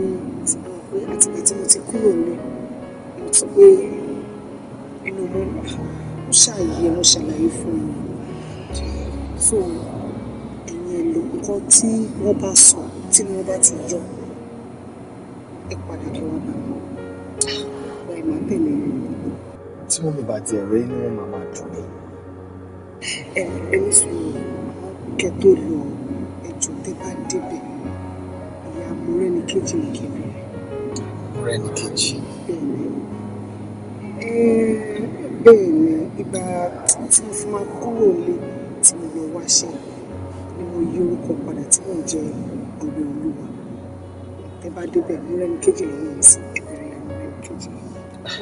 pé àtìgbà tí mo ti kúrò nílé mo ti pé inú mo mo ṣàyè mo ṣàlàyé fún mi so ẹ̀yin èlò nǹkan tí wọ́n bá sọ tí wọ́n bá ti yọ ẹ padà kí wọ́n bá wọn ọ̀rọ̀ ẹ̀ máa tẹ̀lé mi. tí wọ́n mi bá ti ẹ̀rẹ́ inú wọn máa máa dùn mí. ẹ ẹ ní sùn kẹ tó lọ ẹjọ́ kejì ní kébì. ọ̀rẹ́ ní kejì. ìgbà tí mo fi máa kúrò lé tí mo yọ wáṣẹ́ ni mo yí orúkọ padà tí mo jẹ ọ̀rẹ́ olúwa tẹ bá débẹ̀ mo rẹ́ni kejì lẹ́yìn ìsìn ìbẹ̀rẹ̀ lẹ́nu rẹ́ni kejì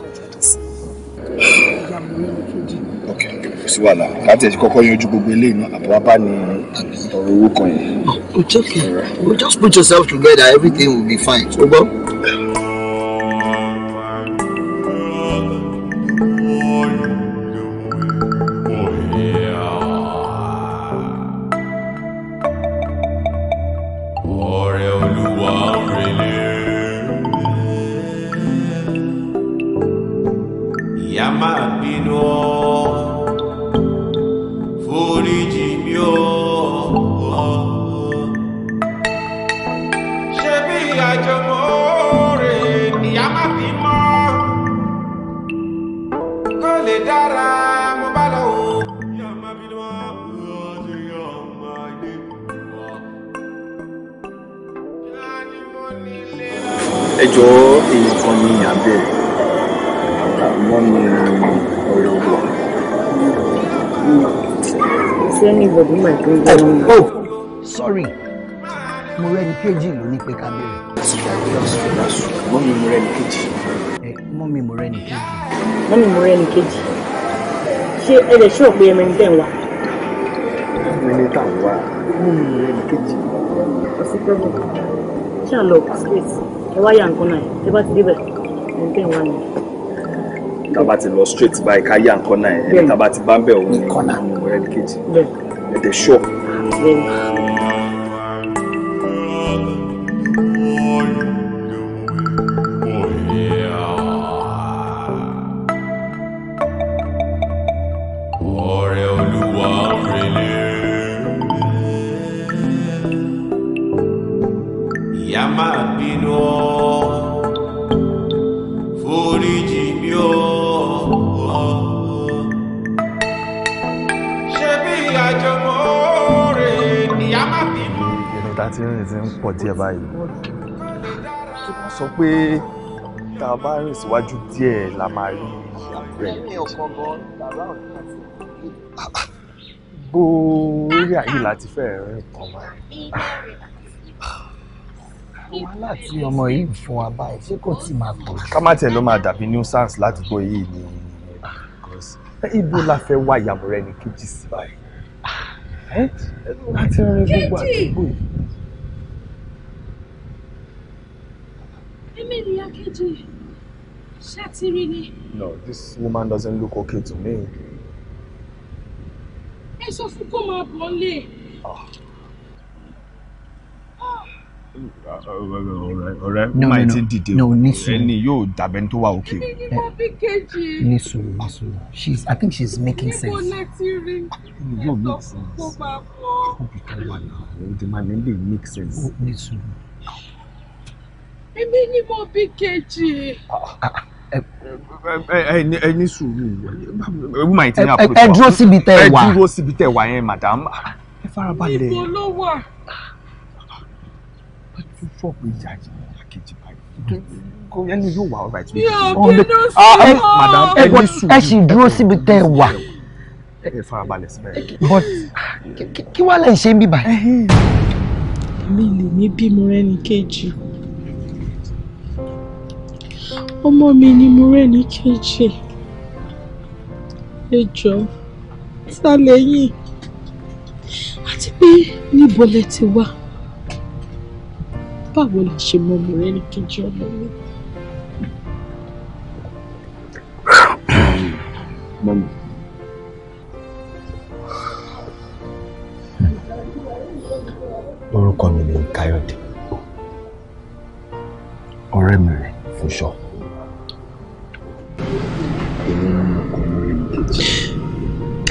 ọjọ́ tó sẹ́yìn ok kò sí wàhálà láti ẹ̀ kọ́kọ́ yanjú gbogbo eléyìí náà àbúrò bá ní ọ̀rọ̀ owó kan yẹn. Ah, okay right. just put yourself together everything will be fine. So, ẹ̀dẹ̀ ṣó pé ẹmẹ bá ti lọ straight báyìí ká yà nǹkan náà ẹni tá bá ti bá ń bẹ̀ òun ní kọ́nà ẹni kejì ẹ̀dẹ̀ ṣó. bẹ́ẹ̀ni. sọ pé tá a bá rìn síwájú díẹ̀ la máa rí ìyàwó rẹ̀. bó orí ayé la ti fẹ́ rìn tán wa. wọ́n láti ọmọ yìí fún wa báyìí ṣé kò tí máa pọ̀. ká má tiẹ̀ ló máa dàbí nuisance ládùúgbò yìí ni ibo la fẹ́ wá ìyàwó rẹ̀ ní kejì sí báyìí. láti rìn gbogbo àdúgbò yìí. Emily Akeji, ṣàtìrí ni. No, this woman doesn't look okay to me. Ẹ sọ fún kó máa bọ̀ lé. Ah. Ah. Ọ̀rẹ́ máa ti dìde o, ẹni yóò dàbẹ̀ tó wà òkè o. Èmi ni mo she's I think she's making sense. Níbo la ti rí? Yóò make sense. Ẹ èmi ni mo bí kejì. ẹ ní sùúrù woman yìí ti ní àpòlọpọ ẹ dúró síbi tẹ wà ẹ dúró síbi tẹ wà yẹn madam ẹ farabalẹ̀. ibo ló wà. ẹ tún ṣọ́ọ̀bù ìyá yìí kejì báyìí kò yẹn ni yóò wà ọ̀rọ̀ àìsàn. mi ò bí ló sọ ọ́ ẹ sì dúró síbi tẹ wà ẹ farabalẹ̀ síbẹ̀. but kí wàá lè ṣe ń bíbà. mi lè ní bímọ rẹ kejì ọmọ mi ni Mọ́rẹ́níkejì ẹ jọ̀ọ́ ta lẹ́yìn àti pé níbo lẹ ti wá báwo la ṣe mọ Mọ́rẹ́níkejì ọmọ mi. Mọ́mí. Orúkọ mi ni Káyọ̀dé. Ọ̀rẹ́ mi rẹ̀ Fúnṣọ́.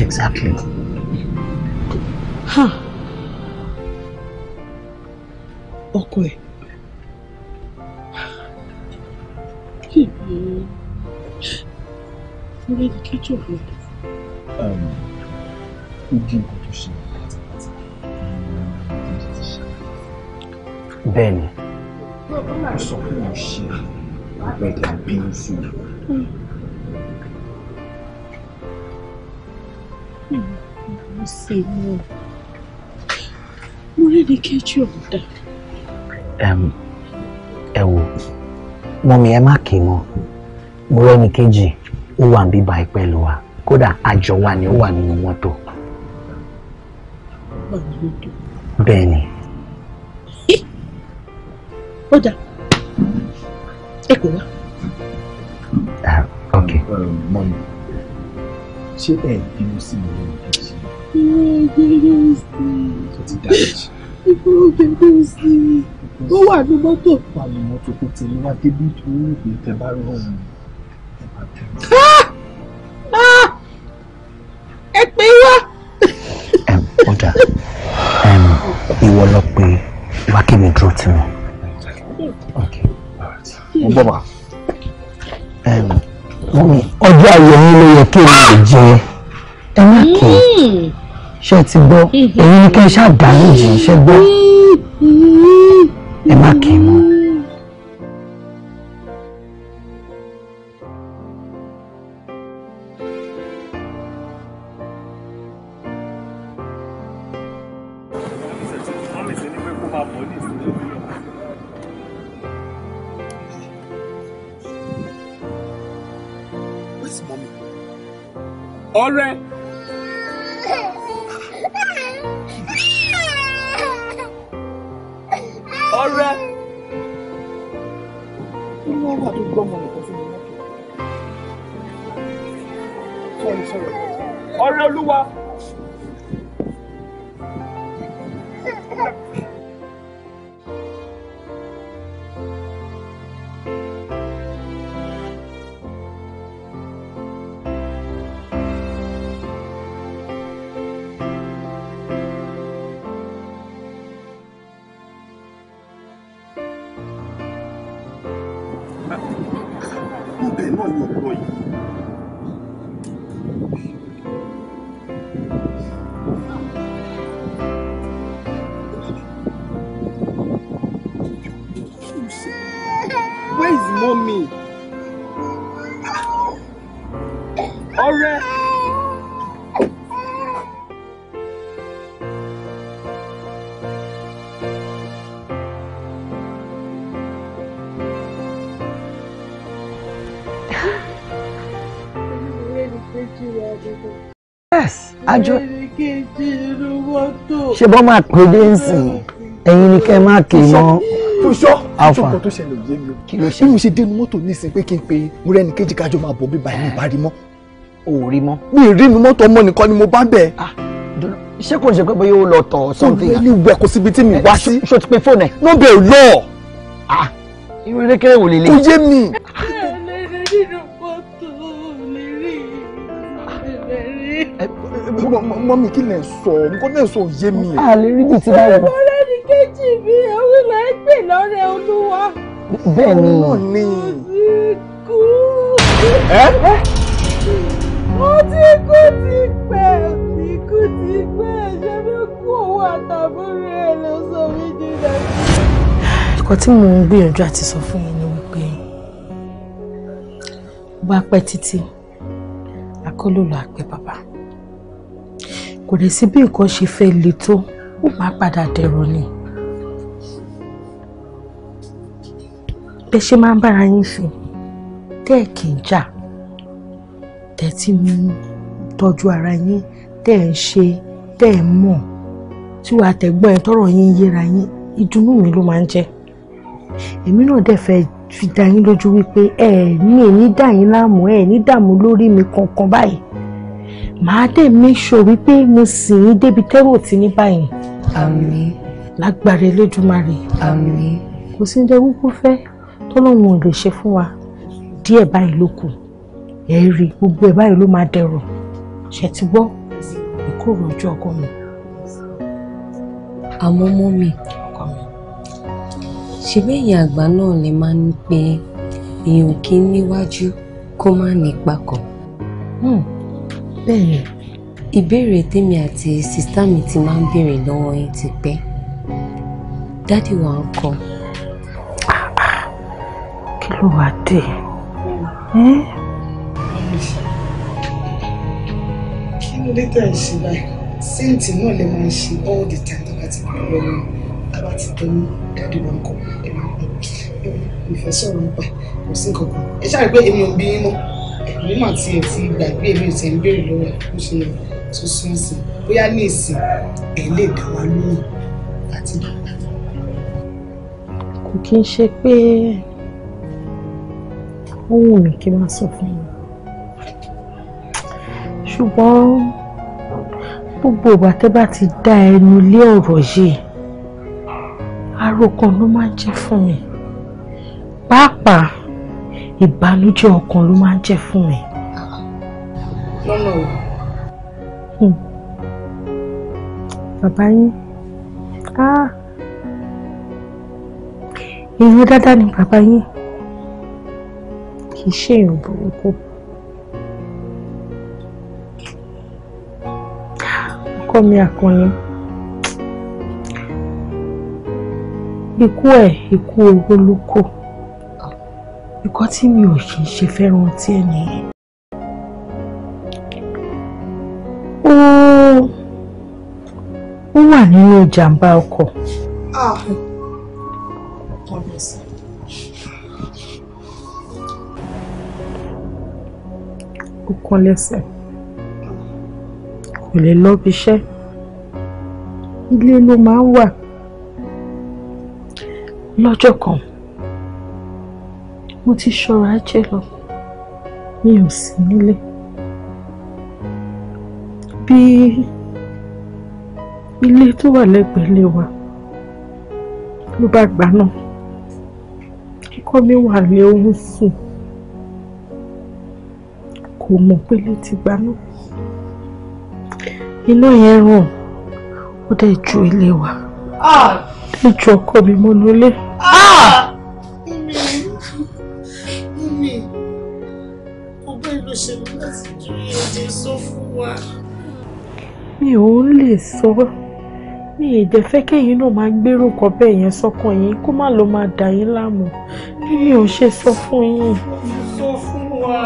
Exactly. Huh. Ọkọ ẹ̀. Mo lè di kíjọ rẹ̀. Ó dín nǹkan tó ṣe. Bẹ́ẹ̀ni. Ó sọ pé mo ṣe ìgbẹ́dẹ̀ bí ń fún mi mo sì mú ọ mo rí ní kejì ọ̀hún dá. ẹ wo mọ́mi ẹ má kì í mọ́ mo rẹ́ni kejì ó wà ń bíbá ẹ pẹ̀lú wa kódà àjọ wa ni ó wà nínú mọ́tò. bẹ́ẹ̀ Ah, okay. mọ́mí um, um, ṣé ẹ bínú sí mi lórí bíjì. tó ti dáríjì. ikú bẹ̀rẹ̀ sí i tó wà ní mọ́tò. wà ní mọ́tò kò tẹ̀lé wá débi tó ń rò pé tẹ bá rọ òun ẹ bá tẹ̀lé. ẹ pé wá. ọ̀dà ìwọ lọ pé wákìmí dúró tì mí. mo gbọ́ bàá ọjọ́ ayọ̀ yín ló yẹ kí èmi lè jẹ ẹ má kí ṣe ti gbọ́ èyí ni kẹ́ ṣáà ṣe gbọ́ ẹ má kí mọ́. ṣáájú ẹ̀. ṣé bọ́ máa pè dé nsìn ẹ̀yin ni kẹ́ máa kì í mọ́ alfa kí ló ṣe. bí ṣe dénú mọ́tò nísìnyí pé kí n pe múrẹ́ ní kejì kájọ máa bọ̀ bí báyìí ní ìbárí mọ́. ò rí mọ́. mi ì rí inú mọ́tò ọmọ nìkan ni mo bá bẹ̀. Ah, ṣé kò ṣe pé bóyá ó lọ tọ̀ something. kò ní wẹ̀ kó síbi tí mi wá sí. ṣó ti pe fóònù ẹ̀. ló bẹ̀ lọ. Ah, irú erékeré wò lélẹ̀. kò yé mi. kúrò mọ́mí kí lè sọ nǹkan lè sọ yé mi. a lè rí bíi ti báyìí. ọ̀rẹ́ mi kejì mi òun là ń pè lọ́rẹ́ olúwa. bẹ́ẹ̀ ni. òun náà ni. mo ti kú. ẹ. mo ti kú ti pẹ́ mi kú ti pẹ́ ṣé mi kú òun àtàbúrò ẹ̀ ló sọ mí jìnnà. ẹ̀kọ́ tí mò ń gbìyànjú àti sọ fún yín ni wípé bá pẹ́ títí akóló lọ àpè bàbá kò dẹ̀ sí bí nǹkan ṣe fẹ́ le tó ó máa padà dẹ̀rọ̀ ni. bẹ́ẹ̀ ṣe máa ń bára yín ṣe tẹ́ ẹ̀ kì í jà tẹ́ tí ń tọ́jú ara yín tẹ́ ẹ̀ ń ṣe tẹ́ ẹ̀ mọ̀ tí wàá tẹ̀gbọ́n ẹ̀ tọ́rọ̀ yín yéra yín ìdùnnú mi ló máa ń jẹ́ èmi náà dẹ̀ fẹ́ fi dá yín lójú wípé ẹ̀ ní èmi dá yín láàmú ẹ̀ ní dààmú lórí mi kankan báyìí màá dẹ̀ make sure wípé mo sì ń débi tẹ́rù òtí ní báyìí. àmín. lágbára elédùnmarè. àmín. kò sí ní ewu kó fẹ́ tọ́lọ́hún ò lè ṣe fún wa díẹ̀ báyìí ló kù ẹ rí gbogbo ẹ̀ báyìí ló máa dẹrọ̀ ṣe ti gbọ́ ìkorò ọjọ́ ọkọ mi. àmọ́ mọ́ mi ṣebí ẹ̀yin àgbà náà lè máa ń pe èèyàn kí níwájú kó má nípa kan. Hmm bẹ́ẹ̀ ìbéèrè tèmi àti sista mi ti máa ń béèrè lọ́wọ́ yín ti pẹ́ dádì wa ń kọ́. kí ló wàá dé? kí ló dé tá à ń ṣe báyìí séǹtì náà lè máa ń ṣe all the time tó bá ti pè lọ́wọ́ tá bá ti tẹ́ ní dádì wa ń kọ́ ẹ̀ máa ń pè é mi fẹ́ sọ̀rọ̀ nípa kò sí nǹkan kan ẹ ṣáà rí pé èmi ò bí mọ́ mi mà tiẹ̀ ti gbàgbé mi ò tẹ̀ ń béèrè lọ́wọ́ ẹ̀ bó ṣe tó sún sí bóyá ní ìsìn ẹ̀ lè dá wa lóhùn àti bàbá. kò kí n ṣe pé ó wù mí kí n máa sọ fún yín ṣùgbọ́n gbogbo ìgbà tẹ́ bá ti dá ẹnu lé ọ̀rọ̀ yìí àròkàn ló máa ń jẹ́ fún mi pàápàá ìbànújẹ́ ọkàn ló máa ń jẹ́ fún mi. lọ́nà o. Hmm. bàbá yín èèyàn ah. dáadáa ni bàbá yín kì í ṣe èèyàn burúkú. ọkọ mi àkànni. ikú ẹ̀ ikú owó nǹkan tí mi ò kì í ṣe fẹ́ràn tí ẹ̀ nìyẹn. ó ó wà nínú ìjàmbá ọkọ̀. Ah, ó kán lẹ́sẹ̀ kò lè lọ iṣẹ́ ilé ló máa ń wà lọ́jọ́ kan mo ti ṣọ́ra jẹ́ lọ mi ò sí nílé bí ilé tó wà lẹ́gbẹ̀ẹ́ lé wa ló bá gbà náà kíkọ́ mi wà ní ohun sùn kò mọ̀ pé lè ti gbà náà iná yẹn ràn ó dẹ̀ ju ilé wa ah! dẹ̀ ju ọkọ mi mọ́nú ilé. sọ̀rọ̀ mi ì dẹ̀ fẹ́ kẹ́yìn náà máa gbérò kan bẹ́ẹ̀ yẹn sọ́kàn yín kó má lọ máa dà yín láàmú bí mi ò ṣe sọ fún yín. sọ fún wa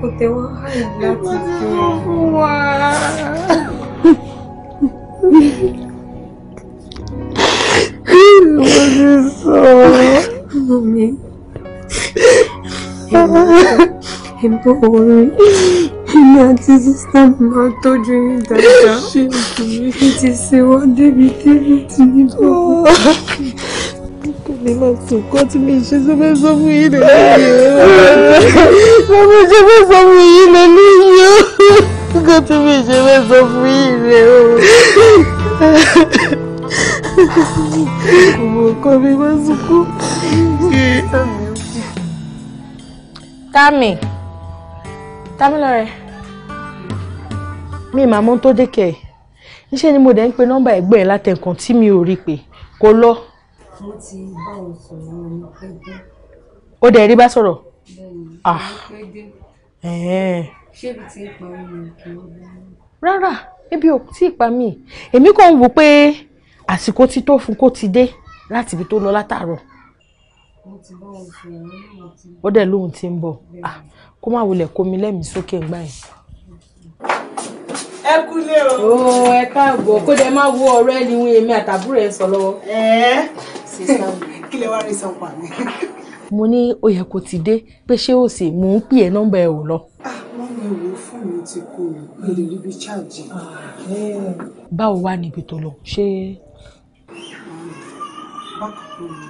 kò tẹ wá láti jẹ kò fún wa. mo ti sọ ọmọ mi èmi tó Kíni àti sísá máa tọ́jú yín dáadáa. Ṣé ìkùnrin fi ti ṣe wọ́n débi débi tí ní oh. bọ́ọ̀? Kíni máa sùn kọ́ tí mi ṣe tó fẹ́ sọ fún yín lẹ́yìn o? Mo fi ṣe fẹ́ sọ fún yín lẹ́yìn o. Kọ́ tí mi ṣe fẹ́ sọ fún yín lẹ́ o. Kò mọ̀ kọ́ mi máa sunkún. Tami. Tami lọ́rẹ̀ mi ì máa mọ́ tó dé kẹ̀ níṣẹ́ ni mo dẹ̀ ń pe nọ́mbà ẹ̀gbọ́n ẹ̀ látẹ̀kàn tí mi ò rí pé kò lọ. mo ti bá òun sọ̀rọ̀ ọmọ ẹgbẹ́. ó dẹ̀ rí bá sọ̀rọ̀. ṣé ibi tí ń pa mí kì í bá mi. rárá ebi ò tí ì pa mí èmi kàn ń wò pé àsìkò ti tó fún kó ti dé láti ibi tó lọ látàárọ̀ ó dẹ̀ lóhun ti ń bọ̀ ah, kó má wulẹ̀ kó mi lẹ́mìí sókè ńgbà yẹn ẹ kúlé o. ooo ẹ káàbọ̀ kó dẹ máa wo ọ̀rẹ́ ni wọn èmi àtàbúrò ẹ sọ lọ́wọ́. ẹ̀ẹ́ kí lè wá rí sọ pa mi. mo ní ó yẹ kó ti dé pé ṣé ó sì mò ń pè ẹ nọ́mbà ẹ ò lọ. wọ́n ah, mi wò fún mi ti kú mi lè rí ah, báwo wá níbi tó lọ ṣé. bákan náà.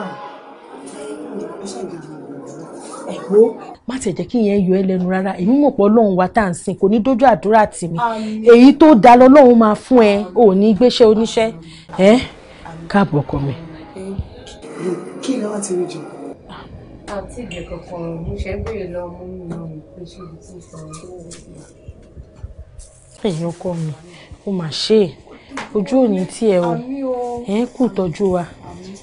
Ah, ẹ ṣáà jẹ́ ìdílé ẹ̀gbọ́ má tẹ̀ jẹ́ kí yẹn yọ ẹ lẹ́nu rárá èmi mọ̀ pé ọlọ́run wa tá à ń sìn kò ní dójú àdúrà tì mí èyí tó da lọ́lọ́run máa fún ẹ ò ní gbéṣẹ́ oníṣẹ́ ẹ káàbọ̀ ọkọ mi. kí ló wá ti rí jù. àti ìgbẹ́kọ̀ kan mo ṣe béèrè lọ mú mi lọ pé ṣé ibi tí ìfọ̀rọ̀ ló wọ̀ ọ́. ẹ̀yin ọkọ mi ó mà ṣe é ojú òní tí ẹ o ẹ kú tọ́jú wa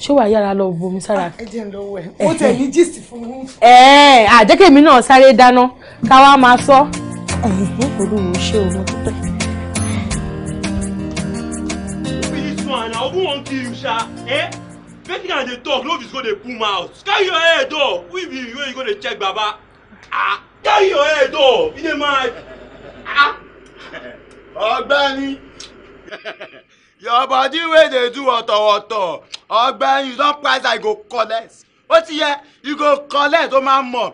ṣé wàá yára lọ bomi sára. Ah, ẹ jẹ́ ń lọ wẹ̀ ó tẹ̀ ní gist fún un. ẹ ẹ àjẹkẹ̀mí náà sáré dáná káwa máa sọ. ẹ̀yìn ní olúwo ṣé o mo tó tẹ̀. na open one kill you sha eh wetin i dey talk no be so dey boom out carry your head up we be wey you go dey check baba ah carry your head up You dey mad ah. ọ̀gbẹ́ni your body wey dey do wọ̀tọ̀wọ̀tọ̀ ọgbẹ́ you don price i go collect ó ti yẹ you go collect ó máa mọ̀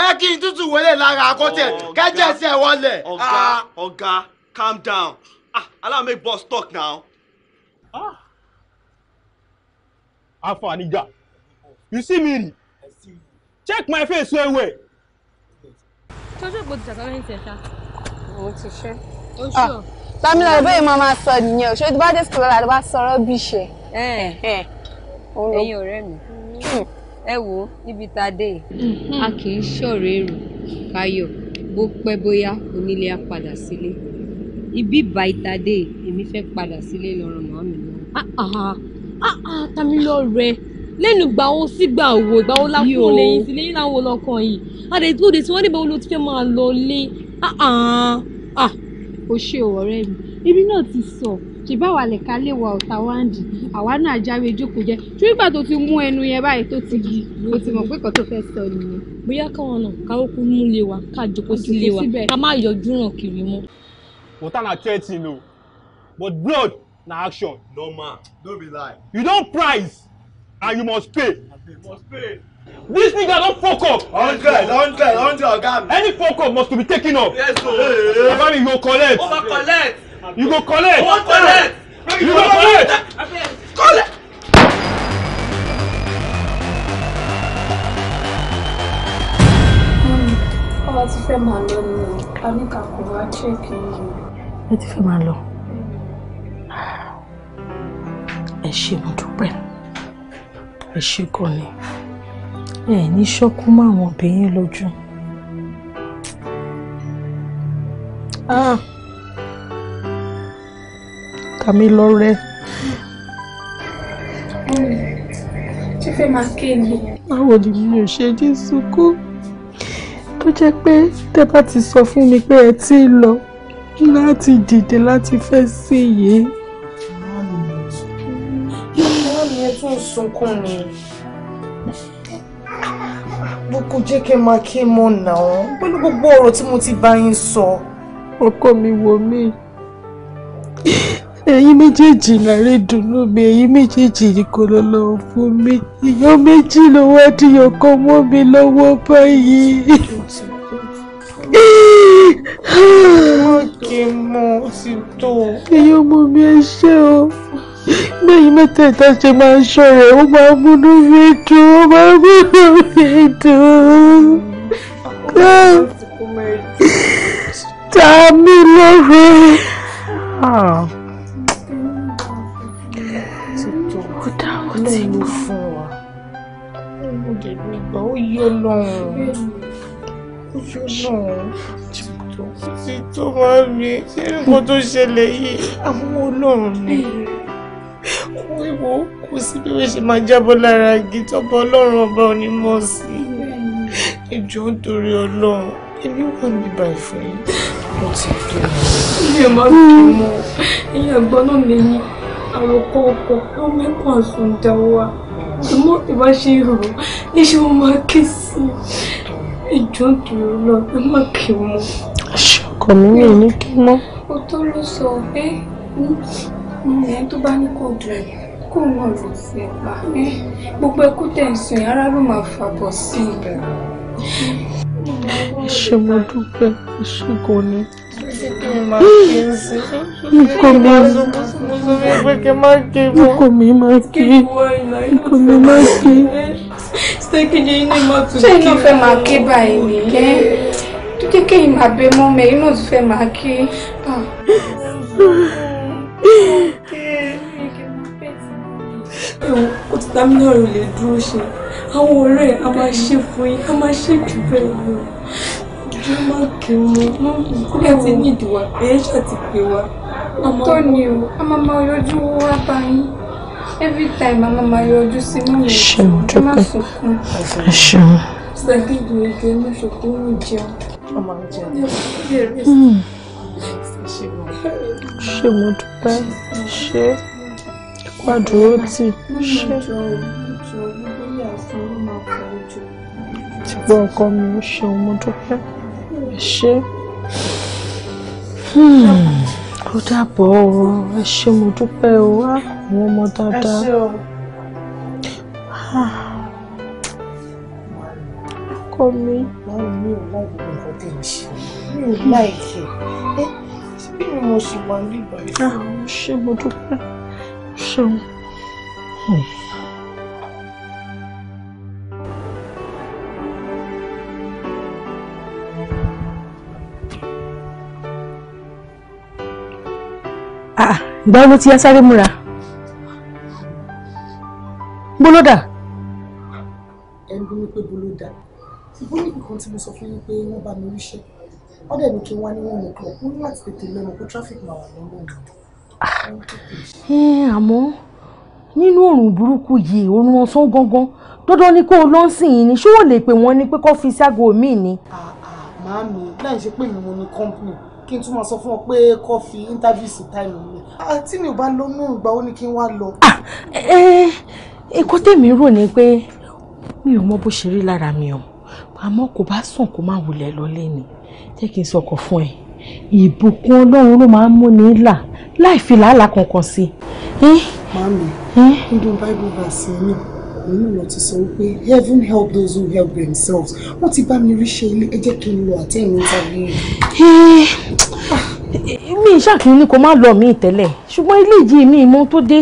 ẹ kí n tútù wọlé lára àkọ́tẹ̀ kẹ́jẹ́ sí ẹ wọlé. ọ̀gá ah. ọ̀gá calm down ah, allow me boss talk now. Ah, àǹfààní jà you see me check my face well well. tọ́jú ìgbòdì ṣàkóso ní ìṣẹ̀ṣà. mo ti ṣe. ó ṣù. Tàmílà ìbẹ́ yìí máa máa sọ nìyẹn o ṣé tó bá dé sùkúlù láti bá sọ̀rọ̀ bí iṣẹ́. ẹ̀yin ọ̀rẹ́ mi ẹ wo níbi tá a dé a kì í ṣọ̀rẹ́ èrò káyọ̀ bó pẹ́ bóyá onílé á padà sílé ibi bàìtàdé èmi fẹ́ padà sílé lọ́rọ̀ màmí lọ́wọ́. Tàmílà ọ̀rẹ́ lẹ́nu gbà ó sí gbà wò gbà ó lápò lẹ́yìn sí lẹ́yìn láwọn ọlọ́kàn yìí àdètúndé tí wọ́n níbẹ̀ wo ló ti fẹ́ máa lọ lé. Ah, ah. Ah, o ṣé o ọ̀rẹ́ mi èmi náà ti sọ ṣèbá wa lẹ̀ka lè wa ọ̀tá wáǹdì àwa náà jáwé jókòó jẹ ṣùgbọ́n tó ti mú ẹnu yẹn báyìí tó ti yí o ti mọ̀ pé kan tó fẹ́ sọ nìyẹn. bóyá káwọn náà káwọn mú lé wa ká jókòó sí lé wa ká má yọjú ràn kiri mọ́. water na threatening o but blood na action. no man no be lie. you don price and you must pay. you must pay. This nigga don fok up. hundred hundred hundred oga Any fok up must to be taken off. Yes o. Baba mi you go collect. Over collect. You go collect. Over collect. You go collect. Collect. Bàbá ti fẹ́ máa lọ ni o, Anika kò wá ṣéèkì yìí. Ẹ ti fẹ́ máa lọ. Ẹ ṣé mo dúpẹ́, ẹ ṣé gan ni ẹ ní ṣọ́kú mọ́ àwọn òbí yín lójú. kàmí ah. lọ rẹ. ṣé fẹ́ máa ké ni. báwo ni mi ò ṣe ní sunkún tó jẹ́ pé tẹ́ bá ti sọ fún mi pé ẹ ti lọ láti dìde láti fẹ́ sí iye. ìyá mi ẹ tún sunkún ni kò jẹ́ kí n máa kí n mọ̀ náà pẹ̀lú gbogbo ọ̀rọ̀ tí mo ti bá yín sọ. ọkọ mi wò mí ẹ̀yin méjèèjì láre dùnú mi ẹ̀yin méjèèjì ìkòlò lọ fún mi ìyá méjì lọ́wọ́ díyàn kan mọ́ mi lọ́wọ́ báyìí. má ọmọ mi ẹ ṣé o báyìí mẹ́tẹ̀ẹ̀ta ṣe máa ń ṣọ̀rẹ́ ó máa ń múnú mi dùn ó máa ń mi dùn. ta ti tó máa ń mi nǹkan tó ṣẹlẹ̀ yìí àwọn ọlọ́run ni ìwọ kò sí bí wọ́n ṣe máa jábọ́ lára igi tọ́pọ̀ ọlọ́run ọba onímọ̀ sí i ìjọ ń torí ọlọ́run èmi wà níbà ìfẹ́ mo ti tó ilé má fi mọ ilé ẹ̀gbọ́n náà mi ní àròkọ ọkọ ó mẹ́kàn àsùndà wa àmọ́ ìbá ṣe rò ó níṣẹ́ wọn máa ké sí ìjọ ń torí ọlọ́run ẹ má kí mọ́. aṣọ ọkọ mi ò ní kí mọ́. o tó ló sọ ẹ ẹ tó bá ní kò dùn kó náà ló fi pa gbogbo ẹkú tẹ̀ ń sìn ara ló máa fà bọ̀ sí ibẹ̀. ṣé mo dúpẹ́ ṣùgbọ́n ni. Ikú mi ikú mi máa kí ikú mi máa kí. Stéèkìjì inú ìmọ̀ tún kí. Ṣé iná fẹ́ máa kí báyìí nìyẹn? Tó jẹ́ kéyìn máa bẹ mọ́ mẹ́ inú tún fẹ́ máa kí. ẹ̀wọ̀n kò ti ta mí náà rò lè dúró ṣe àwọn ọ̀rẹ́ a máa ṣe fún yín a máa ṣe jù bẹ́ẹ̀ lọ ojú má kí mọ́ kúrẹ́ ti ní ìdìwà pé ẹ ṣàti pè wá. tó ni o a máa máa yọjú wá bá yín every time a máa máa yọjú sí inú mi ẹ má sunkún. sẹ́kì ìdùnnú ẹ má sunkún ní jẹun. ọmọ mi jẹun. Hmm. ṣé mo dúpẹ́ ṣé wá ṣe ti gbọ́ ọkọ mi ó ṣeun mo dúpẹ́ ẹ ṣé hmm, ó dàbọ̀ o ẹ ṣé mo dúpẹ́ o wá àwọn ọmọ dáadáa. ọkọ mi. ṣe mo ṣe ṣeun. ìgbà wo ti ẹ sáré múra bólódà. ẹ ń bínú pé bólódà ṣùgbọ́n níbi kan tí mo sọ fún yín pé wọ́n bá mi ríṣẹ́ ọ̀dẹ̀ ni kí n wá ní wọn nìkan ó ní láti tètè lẹ́nu kó tráfíìkì máa wà lọ́wọ́ mi àmọ́ nínú òrùn burúkú yìí òrùn ọ̀sán gangan dandan ni kó o lọ sìn yín ni ṣé wọ́n lè pè wọ́n ní pé kó fi ṣáàgò mi ni. màámi láì ṣe pé mi mo ní company kí n tún máa sọ fún ọ pé kó fi interview sí time mi tí mi ò bá lọ nù ìgbà ó ní kí n wá lọ. nǹkan tèmi rò ni pé mi ò mọ bó ṣe rí lára mi o àmọ́ kò bá sàn kó má wulẹ̀ lọ lé ni jẹ́ kí n sọkọ̀ fún ẹ ìbùkún Ọlọ́run ló máa ń múni là láì fi làálàá kankan sí i. Eh? Mami, eh? nínú Bible verse yìí òun náà lọ ti sọ wípé heaven help those who help themselves. Wọ́n ti bá mi ríṣẹ́ ilé ẹ jẹ́ kí n lọ àtẹ̀yìn interview. Eh, mi ìṣàkíyàn ni kò má lọ mí tẹ́lẹ̀ ṣùgbọ́n ilé yìí mi ìmọ̀ tó dé.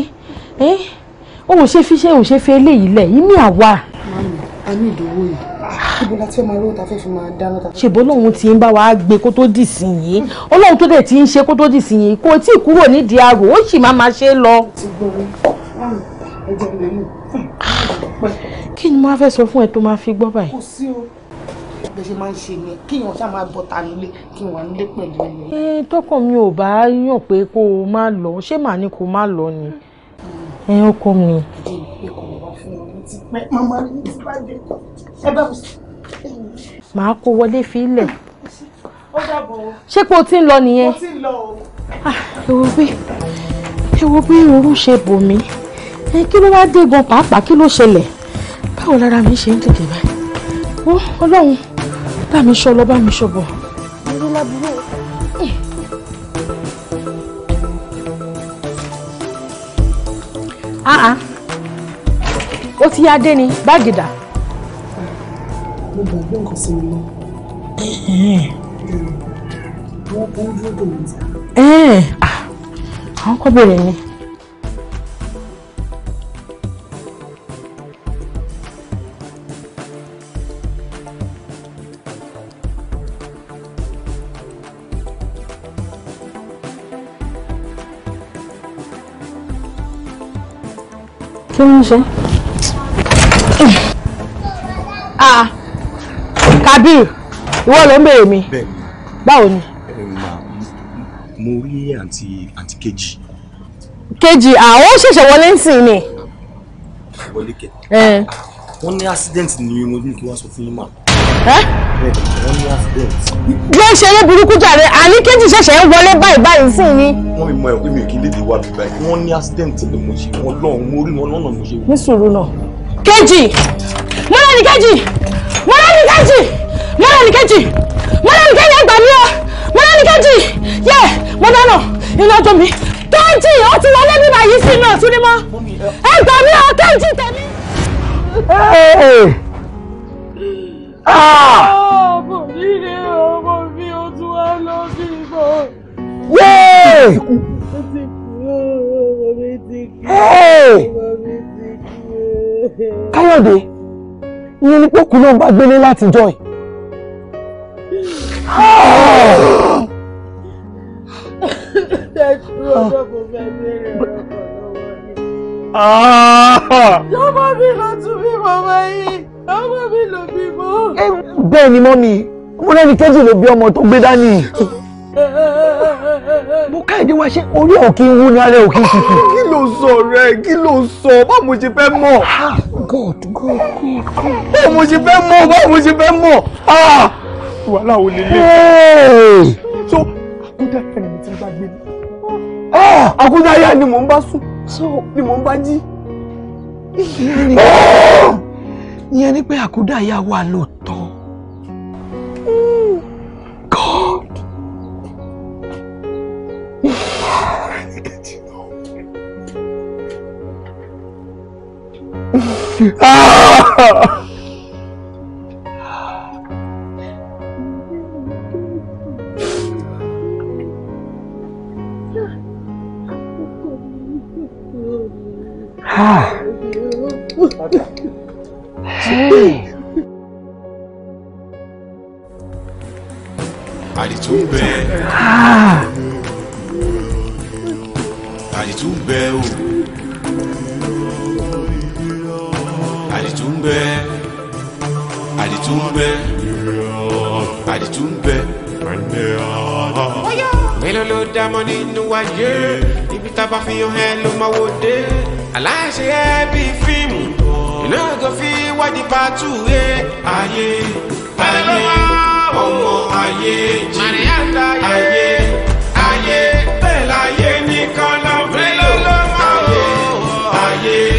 Òun ṣe fi ṣe òun ṣe fi eléyìí lẹ̀ yìí mi àwa. Mami, a ní ìdánwò yìí ibo la ti máa lówó ta fẹ́ fi máa dáná ta. ṣèbó lòun ti ń bá wa gbé kó tó dì sí yìí ọlọ́run tó dẹ̀ ti ń ṣe kó tó dì sí yìí kò tí ì kúrò nídìí aago ó sì máa máa ṣe é lọ. Ah, kí ni mo fẹ́ sọ fún ẹ tó máa fi gbọ́ báyìí. kò sí o bẹ́ẹ̀ ṣe máa ń ṣe yẹn kí èèyàn ṣáà máa bọ̀ ta nílé kí wọ́n nílé pẹ̀lú ẹ̀yẹ. ẹ tọkàn mi ò bá yàn pé kó o má lọ ṣé màá ní kó o má lọ ni ẹ ọkọ mi. ẹ bá mi sọ màá kó wọlé fi ilẹ̀ ṣé kó o ti ń lọ nìyẹn ẹwọ ah, bí ẹwọ bí ooru ṣe bò mí ẹ kí ló wá dé gan pàápàá kí ló ṣẹlẹ̀ báwo lára mi ṣe ń tètè báyìí ó ọlọ́run bá mi ṣọ́ lọ bá mi ṣọ́ bọ̀. Ah, ah. ó ti yá dé ni báàgì dà mo gbàgbé nǹkan sí mi lọ. Eh. wọ́n kọ́ ń dúró dè mí eh. ah. àwọn kọ́ ni. kí ló ń ṣe? ah Kabir ìwọ ló ń béèrè mi báwo ni. mo rí àǹtí àǹtí kejì. kejì àwọn ṣẹ̀ṣẹ̀ wọlé ń sìn ni. wọlé kẹ wọ́n ní accident ni mo ní kí wọ́n sọ fún yín mà. wọ́n ní accident. bí ó ṣe eré burúkú jàre àní kejì ṣẹ̀ṣẹ̀ ń wọlé báyìí báyìí sí ni. wọ́n mi mọ ẹ̀ pé mi ò kí n lè dé wá bí báyìí wọ́n ní accident ni mo ṣe wọ́n lọ́hùn-ún mo rí wọn lọ́nà mo ṣe. ní sùúrù náà kejì mo lọ ní kejì kejì mọ́lá ní kejì mọ́lá ní kejì ẹgbà mí o mọ́lá ní kejì yẹ mo dáná iná tó mi kejì ó ti wọlé mi báyìí sí mi ò tún ní mọ́ ẹgbà mí o kejì tèmi. ọmọ mi ni ọmọ mi ó tún wá lọ sí ibò. káyọ̀dé ìyẹn ni pòkú náà bá gbélé láti jọ ẹ̀. ọmọ mi ló tún bí màmá yìí ọmọ mi ló bí mọ́. bẹ́ẹ̀ ni mọ́mì mo lẹ́ni kejì ló bí ọmọ tó gbé dání. mo káyọ̀dé wá ṣe orí òkè ń wú ní alẹ́ òkè tutù. kí ló sọ rẹ kí ló sọ báwo mo ṣe fẹ́ mọ̀. god god god. báwo mo ṣe fẹ́ mọ̀ báwo mo ṣe fẹ́ mọ̀ wàhálà ò lè lè. so àkúdá yẹn ni mo ti bá gbé ni. àkúdá yẹn ni mò ń bá sùn ni mò ń bá jí. ìyẹn ni ah! pé àkúdá yẹn wà lóòótọ́. àdìtúbẹ̀ ah. àdìtúbẹ̀ ah. o. ń bẹ àdìtú ń bẹ àdìtú ń bẹ. mélòó ló dá mọ́ nínú ayé ibi tá a bá fi hàn ẹ́ ló máa wò dé aláṣẹ ẹ bí fíìmù iná ògo fi wádìí pàtó ẹ ayé ayé ọmọ ayé jí ayé ayé bẹ́ẹ̀ láyé nìkan lọ́ọ́ mélòó ló máa wò ayé.